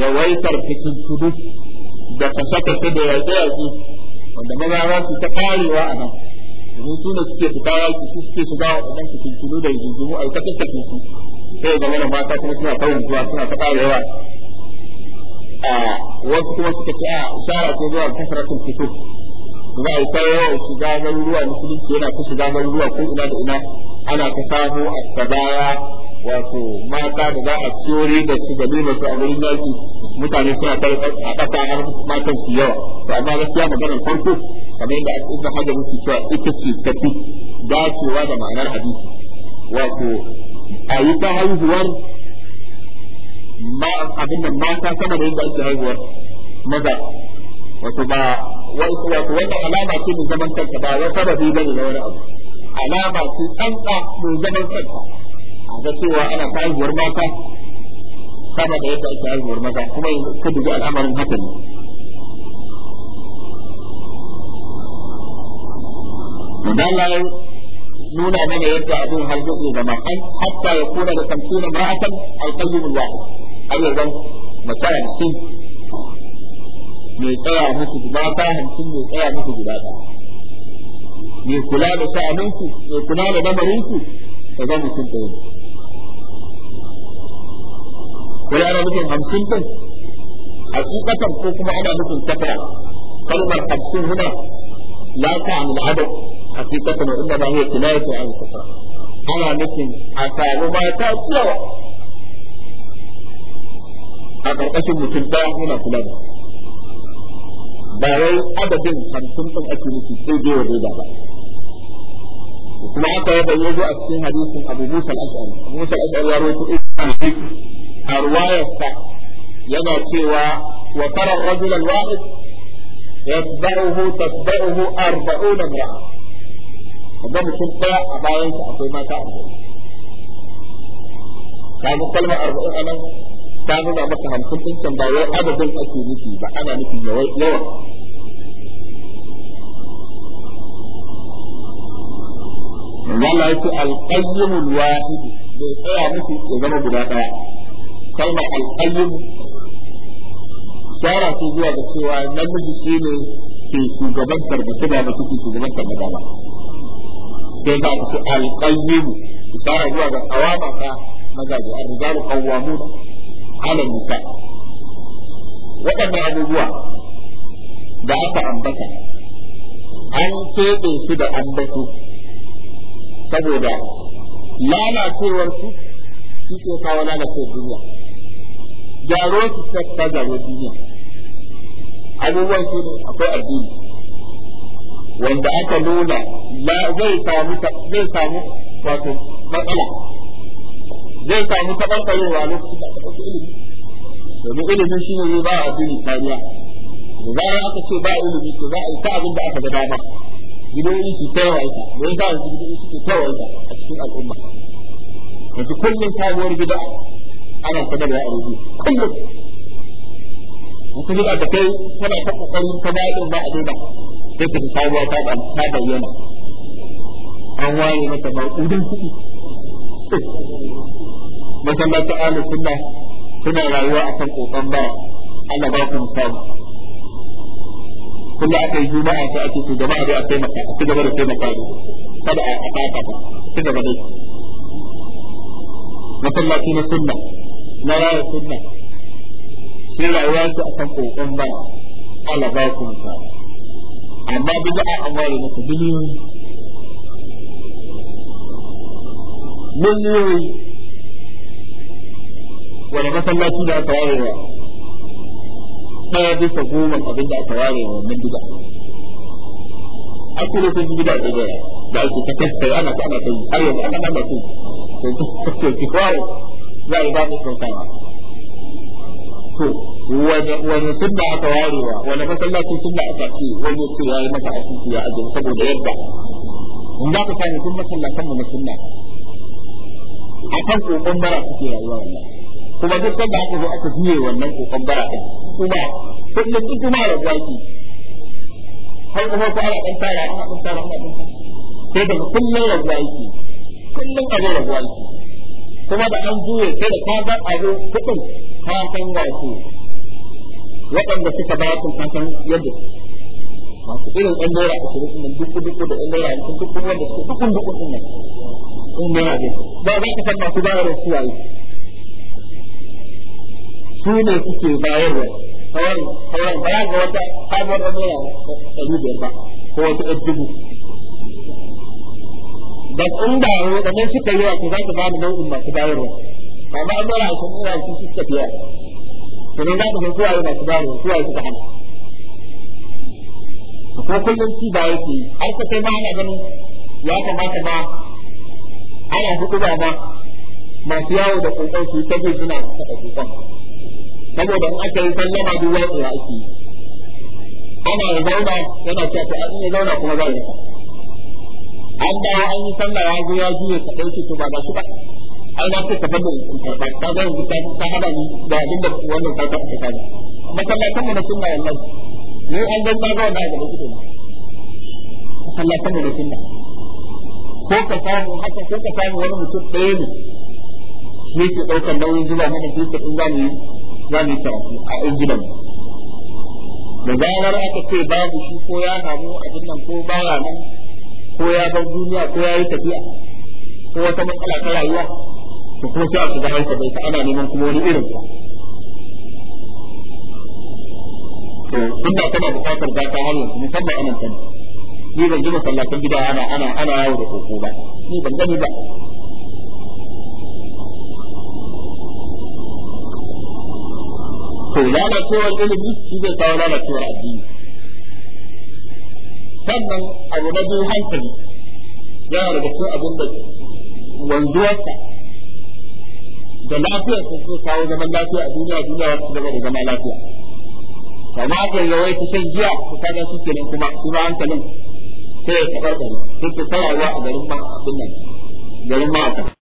يويتر في تنسدس cikin tudu da wanda maza za su ta karewa a nan domin su ne suke fita su suke shiga wasu kuma suka ce a isara ko zuwa kasaratul fito za a yi ta shiga garuruwa musulunci yana ta shiga garuruwa ko ina da ina ana ta samu a sabaya wato mata da za a tsore da su da nuna su a wurin yaki mutane suna tare a ƙasa har matan su yawa to amma gaskiya maganar farko kamar yadda aka ibn hajar yake cewa ita ce tafi dacewa da ma'anar hadisi wato a yi ta haihuwar ma abin nan mata sama da yadda ake haihuwar maza wato ba wato wato wannan alama ce mai zaman kanta ba wata ba zai ne na wani abu alama ce tsantsa mai zaman kanta a ga cewa ana ta haihuwar mata sama da yadda ake haihuwar maza kuma ka dubi al'amarin haka ne Dalai nuna mana yadda abin har zai zama hatta ya kuna da kamfuna ma'atan alƙayyumin wahid har zan mace hamsin me tsaya musu mata hamsin mai tsaya musu guda ɗaya Me kula da sha'aninsu Me kula da lamarinsu Ka zan mutum ɗaya ne wani ana nufin hamsin ɗin hakikatan ko kuma ana nufin kafara kalmar hamsin huna la ta an al'adad hakikatan wa inda ba hiya kinayatu an kafara ana nufin a samu mata ciyawa a ƙarƙashin mutum ɗaya yana kula da ba wai adadin hamsin ɗin ake nufi sai dai wa daida ba kuma haka ya bayyana a cikin hadisin abu musa al-ash'ari musa al-ash'ari ya rawaito a ruwayarsa yana cewa wa tara ar-rajula al-wahid yatba'uhu tatba'uhu arba'una imra'a kaga mutum ɗaya a bayansa akwai mata arba'in kaga kalmar arba'in anan ta nuna masa hamsin ɗin can ba wai adadin ake nufi ba ana nufi yawa yawa Allah ya ce wahidi bai tsaya nufi ya zama guda ɗaya kalmar alƙayyim shara ce zuwa ga cewa namiji shi ne ke shugabantar da su ba mutum ke shugabantar da ba sai ba ku alƙayyim shara zuwa ga kawama ta mazaje al-rijalu qawwamuna ala nisa waɗannan abubuwa da aka ambata an keɓe su da ambatu saboda lalacewar su shi ke kawo lalacewar duniya gyaro su sassa gyaro duniya abubuwan su ne akwai addini wanda aka nuna zai samu zai samu wato matsala zai samu taɓarɓarewa lokacin da aka ta ilimi domin ilimin shi ne ba a addini kariya da zarar aka ce ba ilimi to za a yi ta abin da aka ga dama gidoyi su tawaita da ya sa gidoyi suke tawaita a cikin al'umma yanzu kullum sabuwar gida ana sanarwa a rubu kullum mutum da kai tana ta kokarin ta ɗin ba a daina. sai ka sabuwa ta ta bayyana an waye mata ba kudin kuɗi masallacin ahlus sunna suna rayuwa akan kokon ba Allah ba ku musamu kullum aka yi juma'a sai ake su jama'a dai a taimaka a ci gaba da taimaka ne kada a ɓata ba ci gaba dai masallaci na sunna na rayuwa sunna sai rayuwa su akan kokon ba Allah ba ku musamu amma duk da an ware masa mun miliyoyi wani masallaci da aka ware wa ɗaya bisa goma abin da aka ware wa wannan bid'a akwai lokacin bid'a da da da ake ta kaskai ana ta ana ta yi har yanzu ana ana ta yi to ki kwawo za a yi ba mu kautawa to wani sunna aka ware wa wani sun sunna aka ce wani ce ya yi masa asisi ya ajiye saboda yadda in za ka sami sun masallatan mu na sunna akan kokon bara suke rayuwa wallahi kuma duk sanda aka zo aka juye wannan kokon bara din kuma kullum in kuma da zaki har kuma ko ana dan fara ana dan fara ana dan sai daga kullum da zaki kullum a da zaki kuma da an juye sai da ka ga abu kudin ka san wato waɗanda suka ba su ka san yadda masu irin ɗan naira a shirin nan duk duk da ɗan naira a cikin duk wanda suke dukun dukun ɗin nan in naira ne ba za ka san masu bayar da su waye su ne suke bayarwa sauran sauran ba ga wata sabuwar naira ɗari biyar ba ko wata ɗan dubu ba in ba waɗannan suka yi wa ku za ka ba da nau'in masu bayarwa amma an mara su mura su suka fiya to ne za ka san kowaye masu bayarwa kowaye suka hana ko kullum ci ba yake yi har ka kai ma ana ganin ya kamata ba ana hukuba ba masu yawo da kokon su ta suna saka kokon saboda in aka yi sallama duk wani ya ake yi ana ya zauna yana cewa a an zauna kuma za ya an da an yi sallah ya zo ya juye ka ɗauke to ba ba shi ba ai na ce ka fada in karɓa ta zan yi ta ta haɗa ni da abin da wannan ta ta ta masallatan mu na sunna wallahi ni an ga ta ga wannan da kike masallatan mu na sunna ko ka samu haka ko ka samu wani mutum ɗaya ne ke ɗaukar nauyin zuba mana fitar in za yi za mu karatu a ingilan da zarar aka ce babu shi ko ya samu abin nan ko baya nan ko ya bar duniya ko ya yi tafiya ko wata matsala ta rayuwa to kuma sai a shiga haifa da ita ana neman kuma wani irin sa to da tana bukatar gata har yanzu musamman anan kan ni ban ji masallatan gida ana ana ana yawo da koko ba ni ban gani ba to lalacewar ilimi shi zai kawo lalacewar addini sannan abu na biyu hankali yana daga cikin abin da wanzuwarsa da lafiyar su zai kawo zaman lafiya a duniya duniya wata gaba da zama lafiya kama aka yi wai ta shan giya ta kaga su kenan kuma kuma hankalin sai ya taɓarɓare sai ta tsayawa a garin ma abin nan garin ma